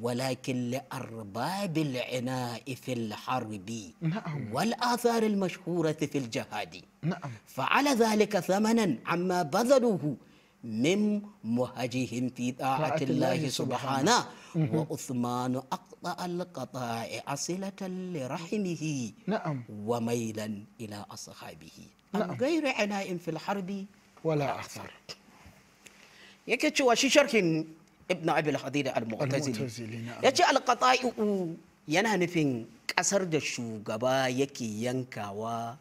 [SPEAKER 2] ولكن لأرباب العناء في الحرب نعم. والآثار المشهورة في الجهاد نعم. فعلى ذلك ثمنا عما بذلوه من مهجهم في طاعة الله سبحانه وعثمان أقطأ القطاع صلة لرحمه نعم وميلا إلى أصحابه نعم. غير عناء في الحرب ولا أثر يكتشو وشي shi ibn abil hadida al-mu'tazili yace al-qata'i'u yana nufin kasar da shugaba yake yankawa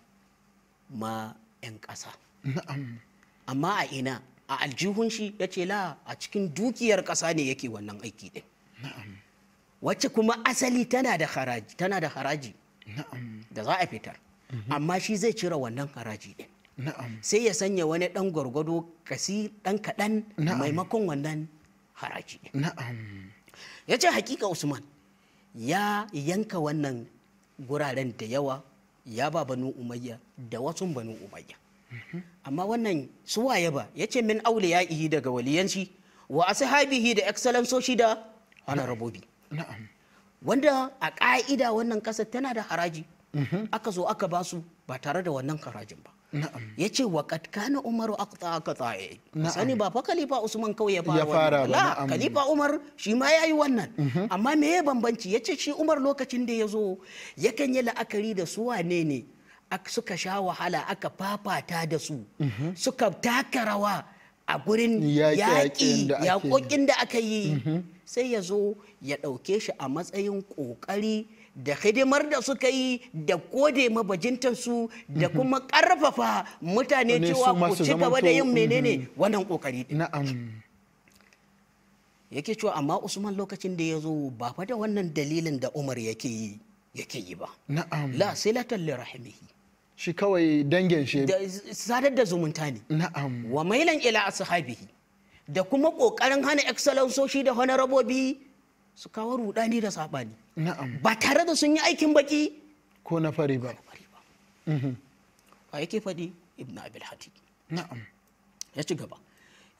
[SPEAKER 2] ma 'yan ƙasa amma a ina a aljihun shi ya ce la a cikin dukiyar ƙasa ne yake wannan aiki ɗin wacce kuma asali tana da haraji tana da haraji da za a fitar mhm. amma shi zai cire wannan haraji ɗin sai ya sanya wani ɗan gwargwado kasi ɗan kaɗan maimakon wannan yace na'am ya ce hakika usman ya yanka wannan guraren da yawa ya ba banu umayya da wasu banu umayya mhm. amma wannan ya ba ya ce min aule ya ihi daga waliyanci wa ashabihi da excellence da rabobi. wanda a ka'ida wannan ƙasar tana da haraji mhm. aka zo aka basu ba tare da wannan harajin ba ya ce wa kana umaru aqta qata'i sani ba fa khalifa usman kawai ya fara wannan la khalifa umar shi ma yayi wannan mhm. amma me ya bambanci yace shi umar lokacin da ya zo yakan yi la'akari da su wane ne suka sha wahala aka fafata da su mhm. suka taka rawa a gurin yaƙi yaƙoƙin da aka yi mhm. sai ya zo ya ɗauke shi a matsayin ƙoƙari da hidimar da suka yi da kode mabajintansu da mhm. kuma ƙarfafa mutane cewa ku ci gaba da yin menene mhm. wannan ƙoƙari yake cewa amma usman lokacin da ya zo ba fa da wannan dalilin da umar yake yi yake yi ba na'am la silatan li rahimihi
[SPEAKER 1] shi kawai dangin
[SPEAKER 2] shi sadar da zumunta ne na'am wa mailan ila ashabihi da kuma kokarin hana excellencoshi da honarabobi su kawo rudani da sabani na'am ba tare da sun yi aikin baki ko na fari ba wa yake fadi ibn abil hatiq na'am ya ci gaba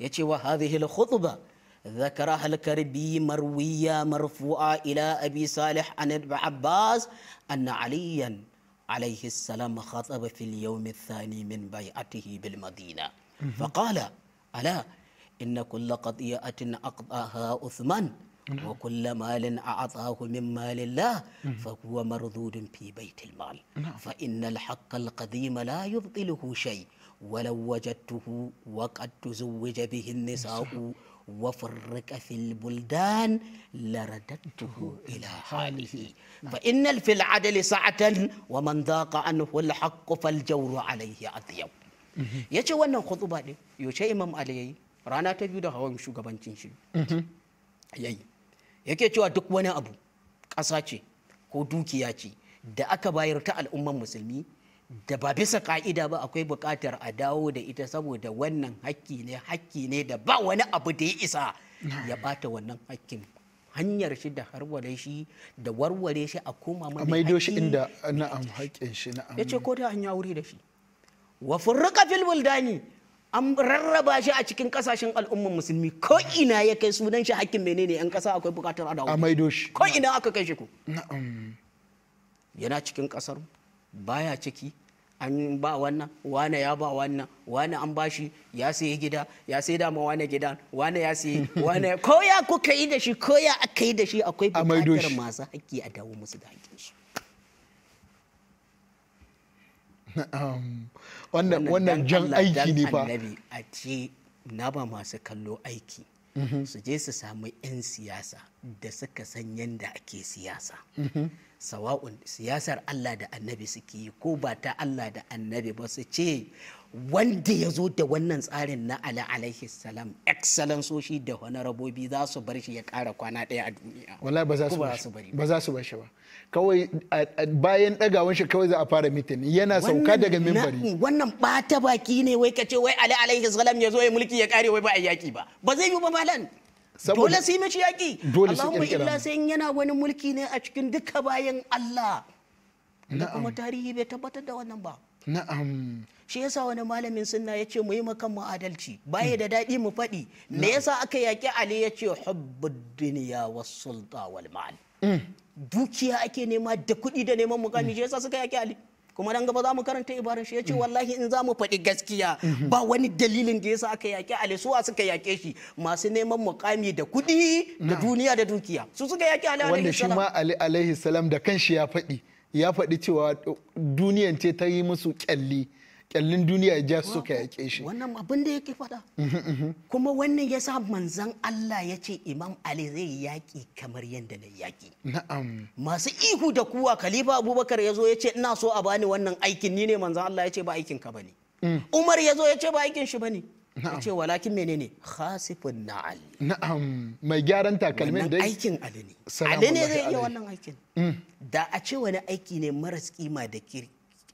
[SPEAKER 2] ya ce wa hadhihi al khutba ذكرها الكربي مروية مرفوعة إلى أبي صالح عن ابن عباس أن عليا عليه السلام خطب في اليوم الثاني من بيعته بالمدينة فقال ألا إن كل قضية أقضاها عثمان نعم. وكل مال أعطاه من مال الله فهو مردود في بيت المال نعم. فإن الحق القديم لا يبطله شيء ولو وجدته وقد تزوج به النساء نعم. وفرق في البلدان لرددته إلى حاله فإن في العدل سعة ومن ذاق عنه الحق فالجور عليه أطيب يجي وانا خطبة يوشي إمام عليه rana ta biyu da hawan shugabancin shi mhm. yayi yake cewa duk wani abu ƙasa ce ko dukiya ce da aka bayar ta al'umman musulmi da ba bisa ka'ida ba akwai buƙatar a dawo da ita saboda wannan hakki ne hakki ne da ba wani abu da ya isa ya bata wannan hakkin hanyar shi da harware shi da warware shi a koma mai maido shi inda na'am hakkin shi na'am yace ko da hanya wuri da shi wa furqa fil buldani an rarraba shi a cikin kasashen al'umman musulmi ko ina ya kai sunan shi hakkin menene yan kasa akwai bukatar a dawo maido shi ko ina aka kai shi ko yana cikin kasar baya ciki an ba wannan wane ya ba wannan wane an bashi ya sayi gida ya sayi dama wane gida wane ya sayi wane ko ya kuka yi da shi ko ya aka yi da shi akwai bukatar masu hakki a dawo musu da hakkin su
[SPEAKER 4] wannan jan aiki ne fa annabi
[SPEAKER 2] a ce na ba masu kallo aiki mhm. su je su samu 'yan siyasa da suka san yadda ake siyasa mm-hmm. sawa'un siyasar Allah da annabi suke yi ko ba ta Allah da annabi ba su ce wanda ya zo da wannan tsarin na ala alaihi salam excellence da honorable za su bar shi ya kara kwana ɗaya a duniya wala ba za su bari ba za su bar shi ba kawai bayan ɗagawan shi kawai za a fara mitin yana sauka daga mimbari wannan ɓata baki ne wai ka ce wai ala alaihi salam ya zo ya mulki ya kare wai ba a yaki ba ba zai yi ba malam dole sai mace yaki Allahumma illa sai yana wani mulki ne a cikin duka bayan Allah da kuma tarihi bai tabbatar da wannan ba na'am shi yasa wani malamin sunna yace mu yi makan mu adalci baya hmm. da daɗi mu faɗi me yasa aka yaki Ali yace hubbud dunya was sulta wal mal hmm. dukiya ake nema da kuɗi da neman mukami shi yasa suka yaki Ali kuma dan gaba za mu karanta ibaran shi ya ce mm. wallahi in za mu faɗi gaskiya mm-hmm. ba wani dalilin da yasa aka yaƙi ali suwa suka yaƙe shi masu neman mukami da kuɗi da duniya da dukiya su suka yaƙi
[SPEAKER 1] ali wanda shi ma ali alaihi salam da kanshi ya faɗi ya faɗi cewa duniyan ce ta yi musu kyalli kyallin duniya ja suka yaƙe shi
[SPEAKER 2] wannan abin da yake fada mhm, mhm. kuma wannan ya sa manzan Allah ya ce imam Ali zai yaƙi kamar yadda na yaƙi na'am masu ihu da kuwa khalifa abubakar ya zo ya ce ina so a bani wannan aikin ni ne manzan Allah ya ce ba aikin ka ne. Mm. umar ya zo ya ce ba aikin shi ba ne. ya ce walakin menene khasifun na'al
[SPEAKER 1] na'am mai gyaran takalmin dai aikin ali ne
[SPEAKER 2] ali ne zai iya wannan aikin mm. da a ce wani aiki ne maras kima da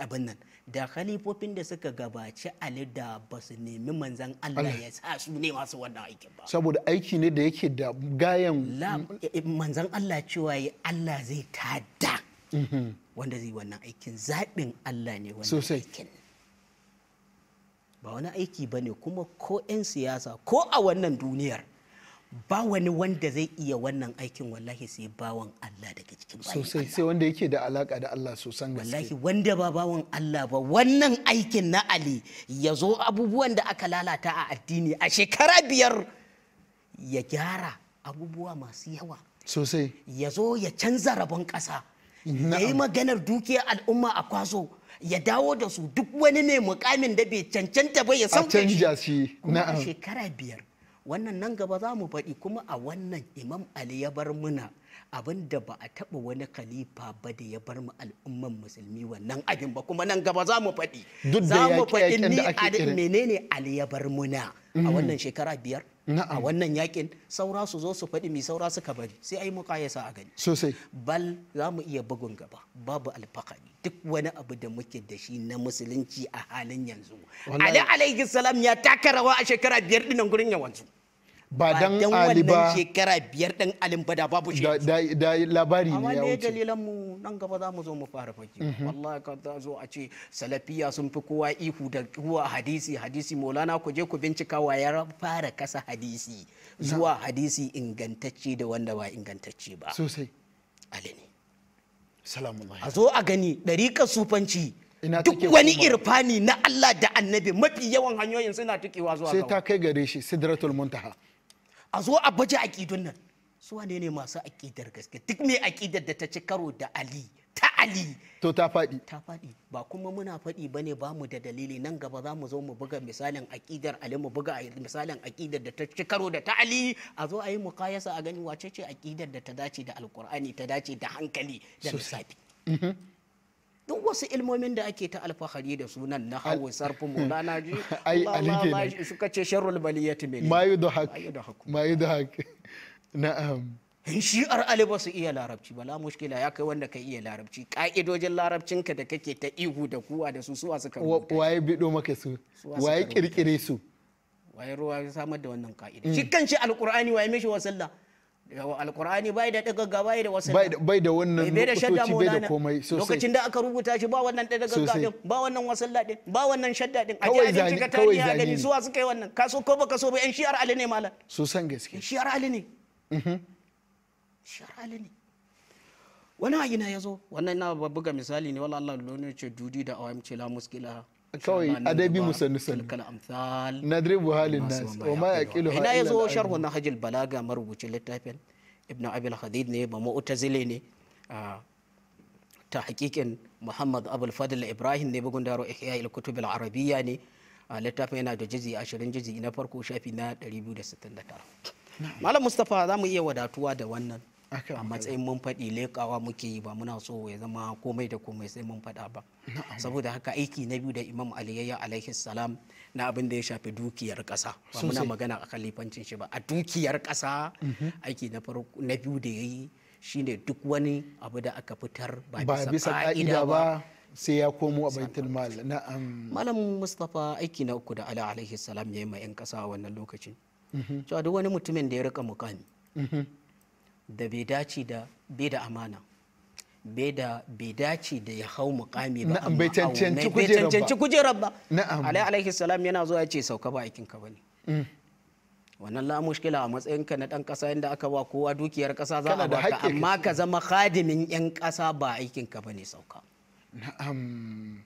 [SPEAKER 2] abin nan da khalifofin da suka gabaci ali da ba su nemi manzan Allah ya sa su ne masu wannan aikin ba saboda aiki ne da yake da gayan eh, manzan Allah cewa Allah zai tada mhm. wanda zai wannan aikin zaɓin Allah ne wannan aikin ba wani aiki ba ne kuma ko 'yan siyasa ko a wannan duniyar ba wani wanda zai iya wannan aikin wallahi sai bawan Allah daga cikin bayan Allah sosai sai wanda yake da alaka da Allah sosan gaske wallahi wanda ba bawan Allah ba wannan aikin na Ali ya zo abubuwan da aka lalata a addini a shekara biyar ya gyara abubuwa masu yawa sosai ya zo ya canza rabon ƙasa ya yi maganar dukiyar al'umma a kwaso ya dawo da su duk wani ne mukamin da bai cancanta ba ya san shi na'am shekara biyar wannan nan gaba za mu faɗi kuma a wannan imam ali ya bar muna abin da ba a taɓa wani khalifa ba da ya bar mu al'umman musulmi wannan abin ba kuma nan gaba za mu faɗi za mu faɗi ni menene ali ya bar muna a mm. wannan shekara biyar a wannan yakin saura su zo su faɗi mi saura suka bari sai ai muƙayasa a gani sosai bal za mu iya bugun gaba babu alfahari duk wani abu da muke da shi na musulunci a halin yanzu ali alaihi salam ya taka rawa a shekara biyar dinan gurin yawanzu ba dan ali ba shekara biyar dan alin ba da babu shi da labari ne ya wuce amma ne dalilan mu nan gaba za mu zo mu fara fage mhm. wallahi ka ta zo a ce salafiya sun fi kowa ihu da huwa hadisi hadisi maulana ku je ku bincika wa ya fara kasa hadisi zuwa hadisi ingantacce da wanda ba ingantacce ba sosai alini salamu salamu a zo a gani dariƙar sufanci duk wani irfani na Allah da annabi mafi yawan hanyoyin suna tukewa zuwa sai ta kai gare shi sidratul muntaha a zo a baje aƙidun nan su wane ne masu aƙidar gaske duk mai aƙidar da ta ci karo da ali ta ali to ta faɗi ta faɗi ba kuma muna faɗi ba ne ba mu da dalili nan gaba za mu zo mu buga misalin aƙidar ali mu buga misalin aƙidar da ta ci karo da ta ali a zo a yi mukayasa a gani wace ce aƙidar da ta dace da alƙur'ani ta dace da hankali da lissafi duk wasu ilmomin da ake ta alfahari da sunan na hawo sarfu na ji ai alike ne suka ce sharrul baliyati min mayu
[SPEAKER 1] da hak mayu da hak na'am
[SPEAKER 2] shi'ar ali ba su iya larabci ba la mushkila ya kai wanda ka iya larabci ka'idojin larabcinka da kake ta ihu da kuwa da su suwa suka rubuta
[SPEAKER 1] waye bido maka su
[SPEAKER 2] waye kirkire su waye ruwa ya samar da wannan ka'ida mm. shi kan shi alqur'ani waye mishi wasalla alkur'ani bai da dagagga bai da wasu bai da wannan lokaci bai da komai sosai lokacin da aka rubuta shi ba wannan dagagga din ba wannan wasalla din ba wannan shadda din a ji a cika tarihi a gani suwa suka yi wannan kaso ko baka so ba yan shi'ar ali ne malam sosan gaske shi'ar ali ne mm-hmm. shi'ar ali ne wani ayina ya zo wannan na ga misali ne wala Allah ne ce dudi da awam ce la muskila kawai bi adabi
[SPEAKER 1] musannusan
[SPEAKER 2] nadribu halin nas wa ma yaqilu ina yazo sharhu nahjul balaga marubucin littafin ibn abil hadid ne ba mu'tazili ne ah, ta hakikin muhammad abul fadl ibrahim ne bugun daro ihya il kutub al arabiyya ne ah, littafin yana da jizi 20 jizi na farko shafi na 269 malam mustafa za mu iya wadatuwa da wannan a matsayin mun faɗi leƙawa muke yi ba muna so ya zama komai da komai sai mun faɗa ba saboda haka aiki na biyu da imam aliyayya alaihi salam na abin da ya shafi dukiyar ƙasa ba muna magana a kalifancin shi ba a dukiyar ƙasa mhm. aiki na biyu da ya yi shine duk wani abu da aka fitar ba bisa ka'ida ba sai ya komo a baitul mal na'am malam mustafa aiki na uku da ala alaihi salam ya yi ma yan ƙasa a wannan lokacin mhm. cewa duk wani mutumin da ya rika mukami mhm. da bai dace da bai da amana bai da bai dace da ya hau mukami ba na'am bai cancanci kujerar ba alai alaihi salam yana zuwa ya ce sauka ba aikinka ba ne mm. wannan la mushkila a matsayinka na dan kasa inda aka ba kowa dukiyar kasa za a baka amma ka zama khadimin yan kasa ba aikinka ba ne sauka na'am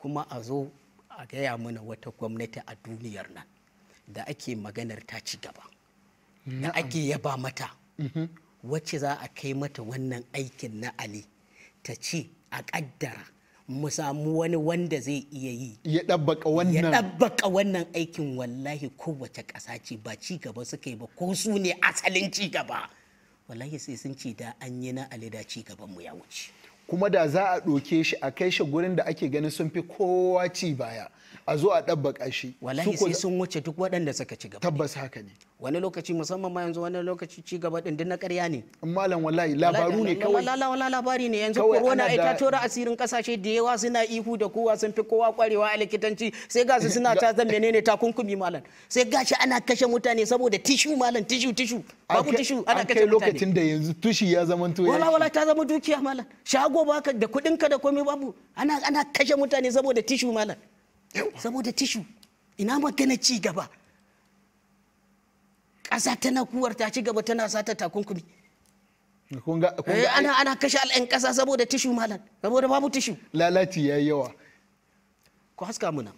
[SPEAKER 2] kuma a zo a gaya mana wata gwamnati a duniyar nan da ake maganar ta ci gaba da ake yaba mata mm-hmm. wacce za a kai mata wannan aikin na ali ta ce a kaddara mu samu wani wanda zai iya yi ya ɗabbaka wannan aikin wallahi kowace ƙasa ce ba ci gaba suka yi ba ko su ne asalin ci gaba wallahi sai sun ce da an yi na ali da ci gaban mu ya
[SPEAKER 1] wuce kuma da za a ɗoke shi a kai shi gurin da ake ganin
[SPEAKER 2] sun fi kowa ci baya a zo a ɗabbaka shi wallahi sai sun wuce duk waɗanda suka ci gaba tabbas haka ne wani lokaci musamman ma yanzu wani lokaci ci gaba din na ƙarya ne malam wallahi labaru ne kawai wala wala labari ne yanzu corona ta tora asirin kasashe da yawa suna ihu da kowa sun fi kowa kwarewa a likitanci sai ga su suna ta zan menene takunkumi malam sai gashi ana kashe mutane saboda tishu malam tishu tishu babu tishu ana kashe mutane lokacin da
[SPEAKER 1] yanzu tushi ya zama to wala
[SPEAKER 2] wala ta zama dukiya malam shago baka da kuɗinka da komai babu ana ana kashe mutane saboda tishu malam saboda tishu ina magana ci gaba ƙasa tana kuwar ta ci gaba tana sata takunkumi eh, ana kashe al'yan ƙasa saboda tishu malam saboda babu tishu lalaci ya yawa ku haska muna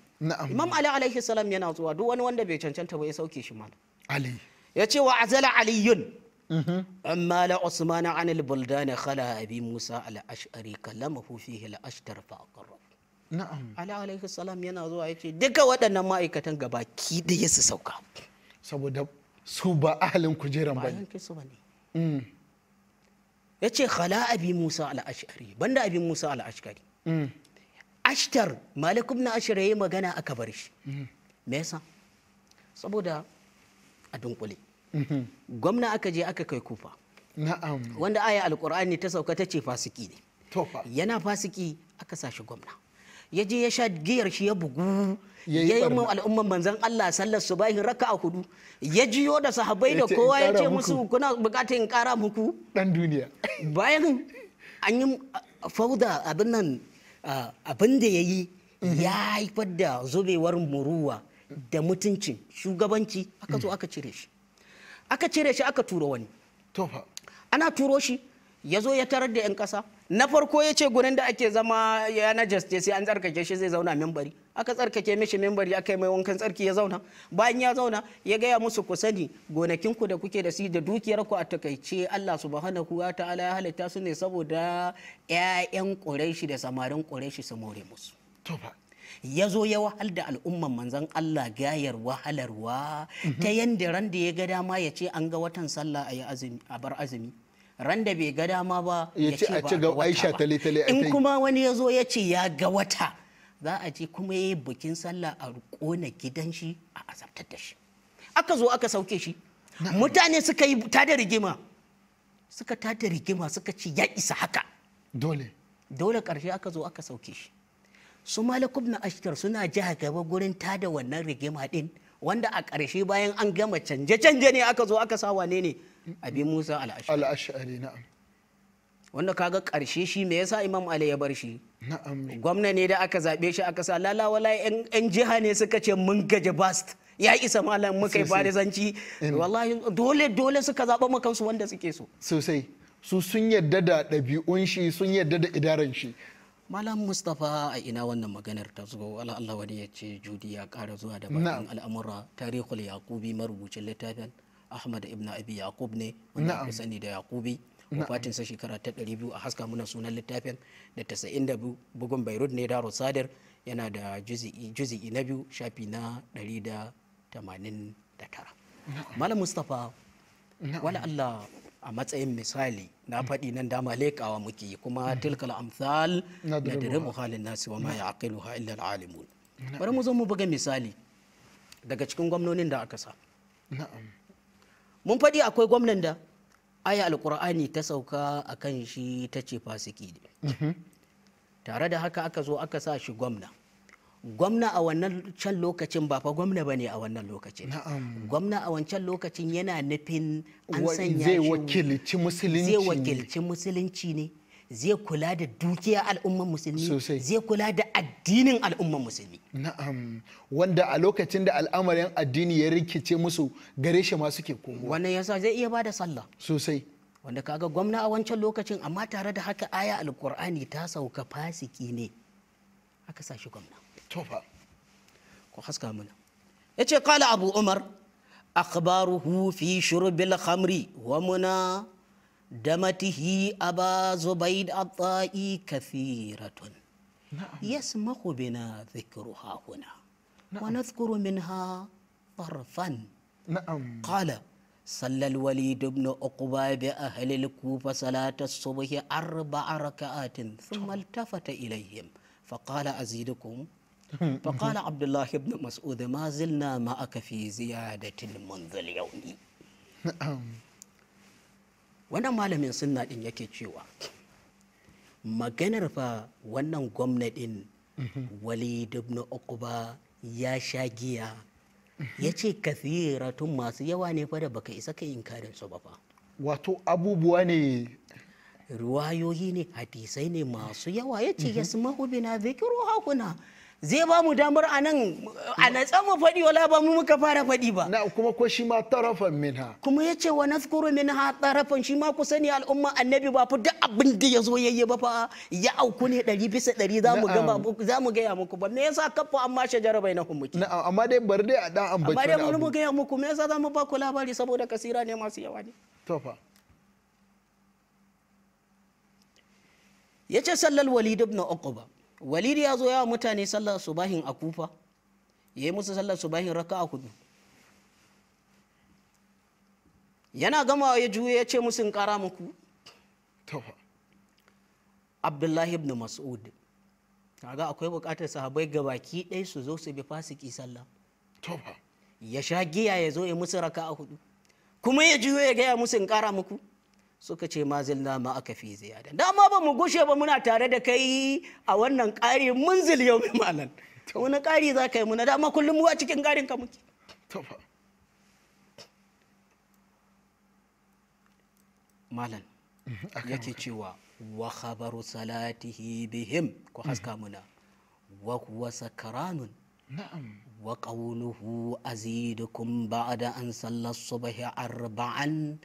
[SPEAKER 2] imam ali alaihi salam yana zuwa duk wani wanda bai cancanta ba ya sauke shi malam ali ya ce wa azala aliyun mm-hmm. amma la usmana anil buldani khala abi musa al-ash'ari kallamahu fihi al-ashtar fa aqarra na'am ali alaihi salam yana zuwa ya ce duka waɗannan ma'aikatan gabaki ɗaya su sauka saboda su ba ahalin kujeran ba ne mm. ya ce khala abi musa al'ashari banda abin musa al'ashari mm. ashtar na ibn ya yi magana aka bar shi mm-hmm. me yasa saboda a dunkule mm-hmm. gwamna aka je aka kai kufa na'am wanda aya alqur'ani ta sauka ta ce fasiki ne yana fasiki aka sashi gwamna ya je ya sha giyar shi ya bugu ya yi mu al'umman manzan Allah sallar su bahin raka a hudu ya jiyo da sahabai da kowa ya ce musu kuna bukata in kara muku dan duniya bayan an yi fauda abin nan abin da ya yi mhm. ya haifar da zubewar muruwa da mutuncin shugabanci aka zo aka cire shi aka cire shi aka turo wani ana turo shi ya zo ya tarar da 'yan ƙasa na farko ya ce gurin da ake zama ya najasce sai an tsarkake shi zai zauna membari aka tsarkake mishi membari aka yi mai wankan tsarki ya zauna bayan ya zauna ya gaya musu ku sani gonakinku da kuke da su da dukiyar ku a takaice Allah subhanahu wa ta'ala ya halitta su ne saboda ƴaƴan ƙuraishi da samarin ƙuraishi su more musu ya zo ya wahal da al'umman manzan Allah gayar wahalarwa ta mhm. yanda ran da ya ga dama ya ce an ga watan sallah a bar azumi Randa bai ga dama ba ya ce a ci ga
[SPEAKER 1] aisha tale in
[SPEAKER 2] kuma wani ya zo ya ce ya ga wata za a ce kuma ya yi bikin sallah a kona gidan shi a azabtar da shi aka zo aka sauke shi mutane suka yi tada rigima suka tada rigima suka ce ya isa haka dole dole karshe aka zo aka sauke shi su malakub na ashkar suna jihar gaba gurin tada wannan rigima din wanda a karshe bayan an gama canje-canje ne aka zo aka sa wane ne abi musa al'ashari na'am wanda kaga karshe shi me yasa imam ali ya bar shi na'am gwamna ne da aka zabe shi aka sa lala wallahi yan jiha ne suka ce mun gaje bast ya isa malam muka yi farizanci wallahi dole dole suka zaba kansu wanda suke so
[SPEAKER 1] sosai su sun yadda da ɗabi'un shi sun yadda da idaran shi
[SPEAKER 2] malam mustapha a ina wannan maganar ta zuwa wala Allah wani ya ce judi ya kara zuwa da bakin al'amura tarihul yaqubi marubucin littafin ahmad ibn abi yaqub ne wanda aka sani da yaqubi wafatin sa shekara ta 200 a haska muna sunan littafin da 92 bugun beirut ne daro sadar yana da juzi'i na biyu shafi na 189 malam mustapha wala allah a matsayin misali na faɗi nan dama leƙawa muke kuma mm-hmm. tilkal amsal na dirimu halin nasi wa ma ya aqilu ha illa alimun bari mu zo mu buga misali daga cikin gwamnonin da aka sa mun faɗi akwai gwamnan da aya alkur'ani ta sauka a kan shi ta ce fasiki ne mhm. tare da haka aka zo aka sa shi gwamna gwamna a wannan can lokacin ba fa gwamna ba ne a wannan lokacin gwamna a wancan lokacin yana nufin an sanya shi zai wakilci musulunci ne zai kula da dukiya al'umman musulmi zai kula da addinin al'umman musulmi
[SPEAKER 1] na'am wanda a lokacin da al'amarin
[SPEAKER 2] addini ya rikice musu gare shi masu ke komo wannan yasa zai iya bada sallah sosai wanda kaga gwamna a wancan lokacin amma tare da haka aya alkur'ani ta sauka fasiki ne aka sa shi gwamna fa ko haska mana yace qala abu umar akhbaruhu fi shurbil khamri wa muna دمته أبا زبيد الطائي كثيرة نعم. يسمح بنا ذكرها هنا نعم. ونذكر منها طرفا نعم قال صلى الوليد بن أقبى بأهل الكوفة صلاة الصبح أربع ركعات ثم التفت إليهم فقال أزيدكم نعم. فقال عبد الله بن مسعود ما زلنا معك في زيادة منذ اليوم نعم. wannan malamin sunna din yake cewa maganar fa wannan gwamnatin mhm. walid uku ba ya sha giya mhm. ya ce kathiratun masu yawa ne fa da baka isa ka inkarin su ba fa wato abubuwa ne ruwayoyi ne hadisai ne masu yawa ya ce mhm. yasmahu bina zikiru hakuna zai ba mu damar a nan a natsa mu faɗi wala ba mu muka fara faɗi ba na kuma ko shi ma tarafan ha. kuma ya ce wa min ha tarafan shi ma kusa ne al'umma annabi ba fa duk abin da ya zo ya yi ba fa ya auku ne ɗari bisa ɗari za mu ga za mu gaya muku ba me yasa kafa amma shajara bai na hummuki na'am amma dai bari dai a dan ambaci amma dai bari mu gaya muku me yasa za mu ba ku labari saboda kasira ne masu yawa ne to fa yace sallal walid ibn uqba walidi ya zo yawa mutane sallar subahin a kufa ya yi musu sallar subahin raka a hudu yana gamawa ya juya ya ce musu in kara muku abdullahi ibn mas'ud kaga akwai bukatar sahabai gabaki ɗaya su zo su bi fasiki sallah ya sha giya ya zo ya musu raka a hudu kuma ya juyo ya gaya musu in kara muku suka ce ma zilla ma aka fi ziyada dama ba mu gushe ba muna tare da kai a wannan ƙari mun zil yau mai malan wani ƙari za ka yi muna dama kullum mu a cikin ƙarin ka muke malan mhm, yake cewa wa khabaru salatihi bihim ku mhm. haska muna wa huwa sakaranun wa qawluhu azidukum ba'da an sallas subhi arba'an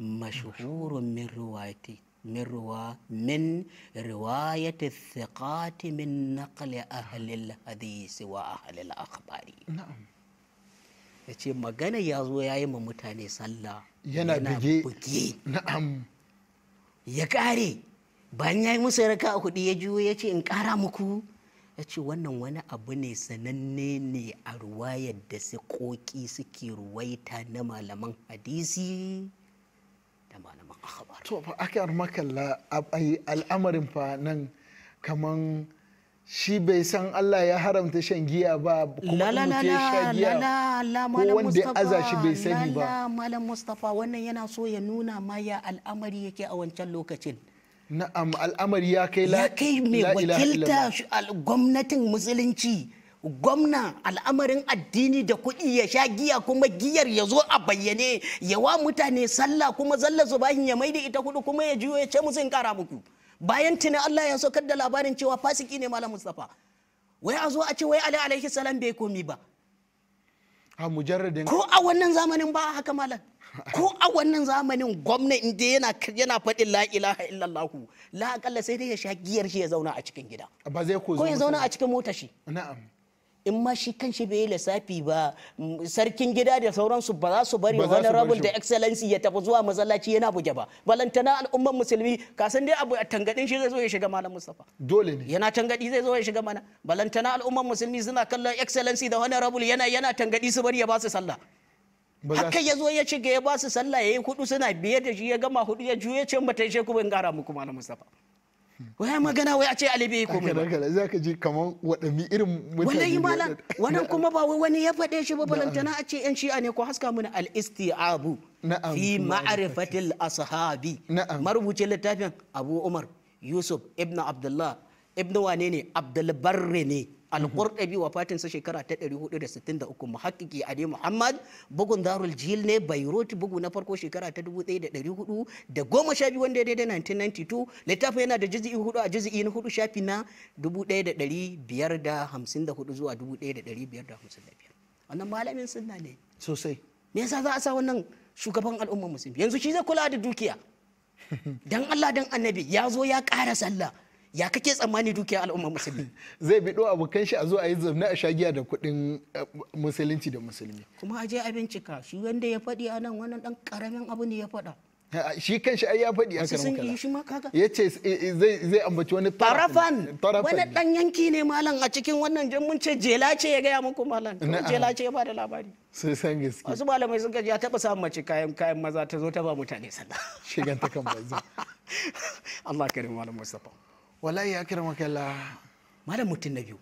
[SPEAKER 2] mashhurun min riwayati من روا من رواية الثقات من نقل أهل الحديث وأهل الأخبار نعم yace magana ya zo ya yi ma mutane sallah yana
[SPEAKER 4] buge
[SPEAKER 2] na'am ya kare bayan ya yi musu raka kuɗi ya juyo ya ce in ƙara muku ya ce wannan wani abu ne sananne ne a ruwayar da sikoki suke ruwaita na malaman hadisi to fa aka makalla
[SPEAKER 1] al'amarin fa nan kaman shi bai san Allah ya haramta shan giya ba kuma mutum ya sha giya ko wanda ya aza shi bai sani ba
[SPEAKER 2] malam mustafa wannan yana so ya nuna ma ya al'amari yake a wancan lokacin
[SPEAKER 1] na'am al'amari ya kai la ya kai mai wakilta
[SPEAKER 2] gwamnatin musulunci gwamna al'amarin addini da kuɗi ya sha giya kuma giyar ya zo a bayyane ya wa mutane sallah kuma zalla zubahin ya maida ita kuɗi kuma ya juyo ya ce musu in kara muku bayan tuni Allah ya saukar da labarin cewa fasiki ne malam Mustafa wai a zo a ce wai Ali alaihi salam bai komi ba a mujarradin ko a wannan zamanin ba haka malam ko a wannan zamanin gwamna inda yana yana faɗin la ilaha illallahu la akalla sai dai ya sha giyar shi ya zauna a cikin gida ba zai ko ya zauna a cikin mota shi na'am in ma shi kan shi bai lissafi ba sarkin gida da sauransu ba za su bari honorable da excellency ya tafi zuwa masallaci yana buge ba balantana al'umman musulmi ka san dai abu a tangadin shi zai zo ya shiga malam mustafa dole ne yana tangadi zai zo ya shiga mana balantana al'umman musulmi suna kallon excellency da honorable yana yana tangadi su bari ya ba su sallah haka ya zo ya ci ga ya ba su sallah ya yi hudu suna biye da shi ya gama hudu ya juye ce mata ya ce ku ban gara muku malam mustafa wai magana wai a ce ali ko komai
[SPEAKER 1] ba za ka ji kaman wadanni
[SPEAKER 2] irin mutane malam wannan kuma ba wai wani ya faɗe shi ba balantana a ce yan shi'a ne ko haska mana al isti'abu fi ma'rifatil ashabi marubucin littafin abu umar yusuf ibn abdullah ibn wane ne barre ne a fatin sa shekara ta 463 muhaqqiqi ali muhammad bugun darul jil ne bayrut bugu na farko shekara ta 1412 wanda ya daidai 1992 Littafi yana da jizi'i hudu a jizi'i na hudu shafi na 1554 zuwa 1555 wannan malamin sunna ne sosai me yasa za a sa wannan shugaban al'ummar musulmi yanzu shi zai kula da dukiya dan Allah dan annabi ya zo ya ƙara sallah ya kake tsammani dukiya al'ummar musulmi zai biɗo abokan
[SPEAKER 1] shi a zo a yi zamna a shagiya da kuɗin eh, musulunci da musulmi
[SPEAKER 2] kuma a je a bincika shi wanda ya faɗi a nan wannan ɗan ƙaramin abu ne ya faɗa
[SPEAKER 1] shi kan shi ai ya faɗi a karan kala ya ma eh, eh, zai zai ambaci wani tarafan wani
[SPEAKER 2] ɗan yanki ne malam a cikin wannan mun ce jela ce ya gaya muku malam jela ce ya bada labari
[SPEAKER 1] sai san gaske wasu
[SPEAKER 2] malamai sun gaji ya taba samun mace kayan kayan maza ta zo ta ba mutane sallah shigan ta kan banza Allah karim malam Mustafa wallahi ya kira maka malam mutum na biyu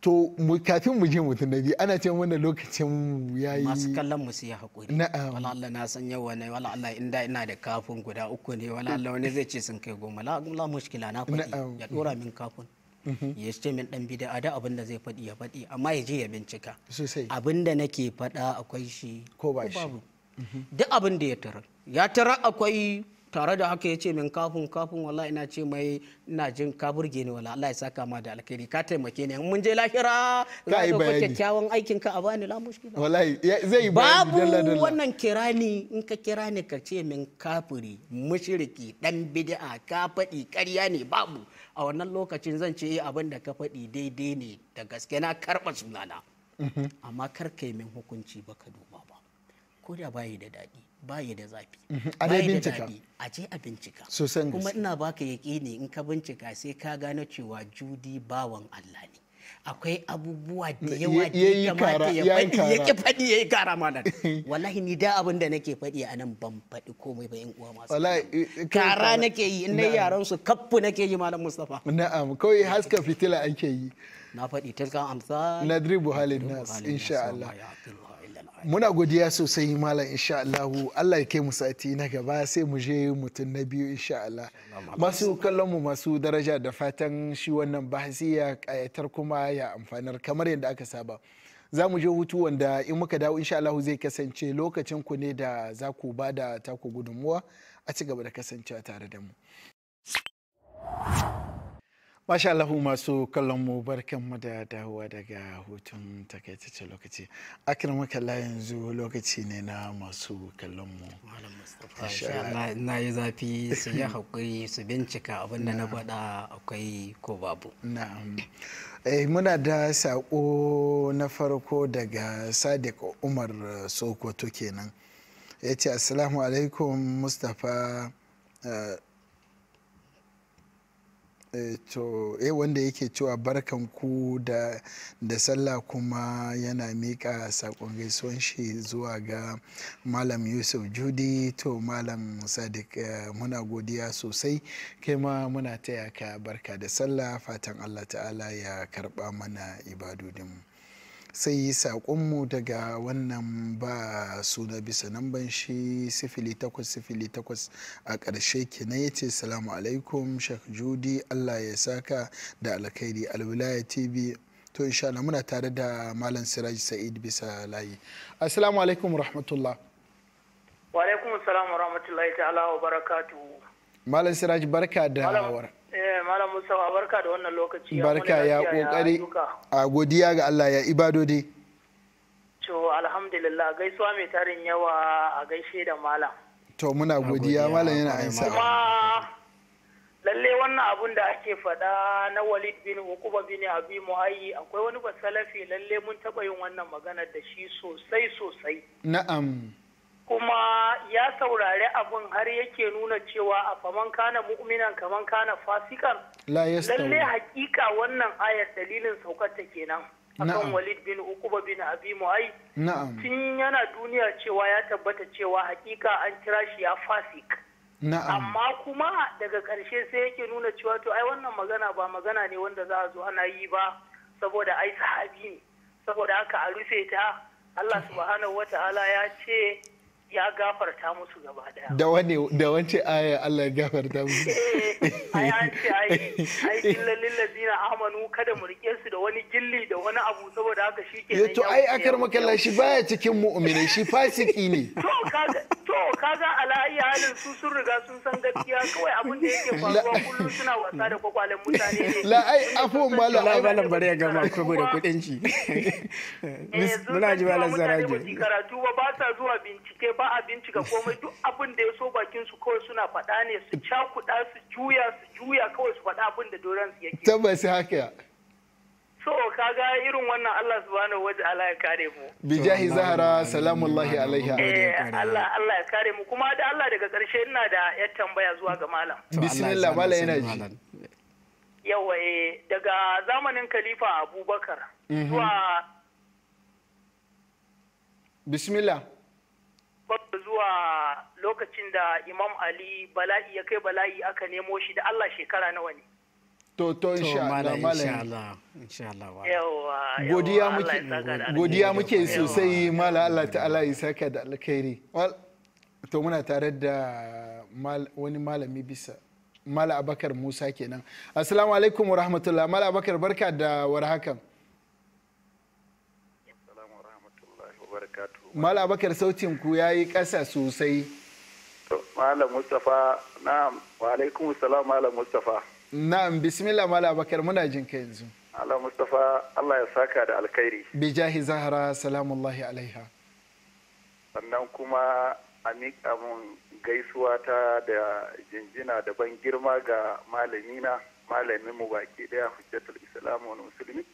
[SPEAKER 1] to kafin mu je mutum na biyu ana ce wannan lokacin ya yi masu
[SPEAKER 2] kallon mu sai hakuri. haƙuri wala Allah na san yawa ne wala Allah inda ina da kafin guda uku ne wala Allah wani zai ce sun kai goma la la mushkila na fadi ya dora min kafin mhm. ya ce min dan bida ada abin da zai faɗi ya faɗi amma ya je ya bincika abin da nake faɗa akwai shi ko ba shi mhm. duk abin da ya tarar ya tarar akwai tare da haka ya ce min kafin kafin wala ina ce mai ina jin ka burge ni wala Allah ya saka ma da alkhairi ka taimake ni mun je lahira za ka ko kyakkyawan aikin ka a bani la mushkila wallahi zai yi babu wannan kirani in ka kira ni ka ce min kafiri mushriki dan bid'a ka faɗi ƙarya ne babu a wannan lokacin zan ce eh, abin da ka faɗi daidai ne da gaske na karɓa sunana mhm. amma kar kai min hukunci baka duba ba ko da bayi da daɗi yi da zafi mhm. bayi da daɗi a ce a bincika kuma ina baka ne in ka bincika sai ka gano cewa judi bawan Allah ne akwai abubuwa da yawa da ya kamata ya faɗi ya ki faɗi ya yi kara mana wallahi ni da abin da nake faɗi a nan ban faɗi komai ba yan uwa masu eh, eh, kara nake yi in dai yaran su kaffu nake yi malam mustafa
[SPEAKER 1] na'am kawai haska fitila ake yi na faɗi tilkan amsa nadribu halin nas insha Allah muna godiya sosai malam insha Allah Allah ya kai mu sati na gaba sai mu je mutum na biyu insha Allah masu kallon mu masu daraja da fatan shi wannan bahasi ya kayatar kuma ya amfanar kamar yadda aka saba za mu je hutu wanda in muka dawo insha Allah zai kasance lokacin ku ne da za ku ba da taku gudunmuwa a ci gaba da kasancewa tare da mu Masha Allah masu kallon mu barkan mu da dawowa daga hutun takaitace lokaci. Akirma kalla yanzu lokaci ne na masu kallon mu. Na yi zafi su yi haƙuri
[SPEAKER 2] su bincika abin da na faɗa akwai ko babu. Eh, muna
[SPEAKER 1] da saƙo na farko daga Sadiq Umar Sokoto kenan. yace ce Assalamu alaikum Mustapha eh, Eh, to eh wanda yake cewa barkan ku da da sallah kuma yana miƙa saƙon gaisuwan shi zuwa ga malam yusuf judi to malam sadiq eh, muna godiya sosai kai ma muna taya ka barka da sallah fatan allah ta'ala ya karba mana ibadudinmu sai yi saƙonmu daga wannan ba suna bisa nan ban shi sifili takwas sifili takwas a ƙarshe kenan ya ce salamu alaikum shek judi allah ya saka da alkhairi alwilaya tv to insha Allah muna tare da malam siraj sa'id bisa layi assalamu alaikum rahmatullah
[SPEAKER 3] wa alaikum assalam wa rahmatullahi ta'ala wa barakatuhu
[SPEAKER 1] malam siraj barka da war
[SPEAKER 3] Eh, malam Mustafa barka da wannan lokaci. Barka ya kokari
[SPEAKER 1] a godiya ga Allah ya ibadodi.
[SPEAKER 3] To alhamdulillah gaisuwa mai tarin yawa a gaishe da malam.
[SPEAKER 1] To muna godiya malam yana aisa.
[SPEAKER 3] Kuma
[SPEAKER 4] lalle wannan abun
[SPEAKER 3] da ake fada na Walid bin Ukuba bin Abi Muayyi akwai wani basalafi lalle mun taba yin wannan magana da shi sosai sosai.
[SPEAKER 4] Na'am.
[SPEAKER 3] kuma ya saurari abin har yake nuna cewa a faman kana mu'minan kaman kana fasikan lalle hakika wannan ayar dalilin saukar ta kenan akan walid bin ukuba bin abi Na'am. tun yana duniya cewa ya tabbata cewa hakika an kira shi ya fasik
[SPEAKER 4] amma
[SPEAKER 3] kuma daga ƙarshe sai yake nuna cewa to ai wannan magana ba magana ne wanda za a zo ana yi ba saboda ai sahabi ne saboda haka a rufe ta Allah subhanahu wa ya ce ya gafarta musu gaba daya.
[SPEAKER 1] Da wane wance aya Allah ya gafarta musu. Ai eh, an ce ai ai
[SPEAKER 3] zina amanu kada mu rike su da wani gilli da wani abu saboda haka shike. Ya to ai akar makalla shi baya
[SPEAKER 1] cikin mu'mini shi fasiki ne.
[SPEAKER 3] To kaga to kaga ala halin su sun riga sun san gaskiya kawai abin da yake faruwa kullum suna wasa da kwakwalen mutane ne La'ai, afuwan ba la'ai
[SPEAKER 1] malam bare ya gama da
[SPEAKER 3] kudin
[SPEAKER 4] shi eh, muna ji malam zaraje
[SPEAKER 3] karatu ba ba sa zuwa bincike ba a bincika komai duk abin da ya so bakin su kawai suna faɗa ne su cakuɗa su juya su juya kawai su faɗa abin da doron su yake
[SPEAKER 1] tabbas haka
[SPEAKER 3] so kaga irin wannan Allah subhanahu wa ta'ala ya kare mu
[SPEAKER 1] bijahi zahara salamullahi alaiha eh,
[SPEAKER 3] Allah Allah ya kare mu kuma da Allah daga karshe ina da yar tambaya zuwa ga malam
[SPEAKER 4] bismillah malam yana ji
[SPEAKER 3] yawa daga zamanin khalifa Abubakar
[SPEAKER 1] mhm. zuwa bismillah
[SPEAKER 3] zuwa lokacin da Imam Ali bala'i ya kai bala'i aka nemo shi da Allah shekara nawa ne
[SPEAKER 1] To, to, insha Allah, malam. Insha Allah, Allah wa Godiya muke godiya muke sosai, mala Allah ta'ala ya saka da alkhairi. wal To, muna tare da wani malami bisa. Mala Abakar Musa kenan. Assalamu alaikum wa rahmatullah. Mala Abakar barka da warhakan. Mala Abakar sautin ku yayi kasa sosai.
[SPEAKER 5] to Malam mustafa na wa alaikum salam Malam mustafa
[SPEAKER 1] na'am bismillah mala bakar muna jin ka yanzu
[SPEAKER 5] Allah Mustafa Allah ya saka da alkhairi
[SPEAKER 1] jahi zahara salamullahi alaiha
[SPEAKER 5] sannan kuma a miƙa mun gaisuwa ta da jinjina da ban girma ga malamina malamin mu baki daya hujjatul islam wani musulmi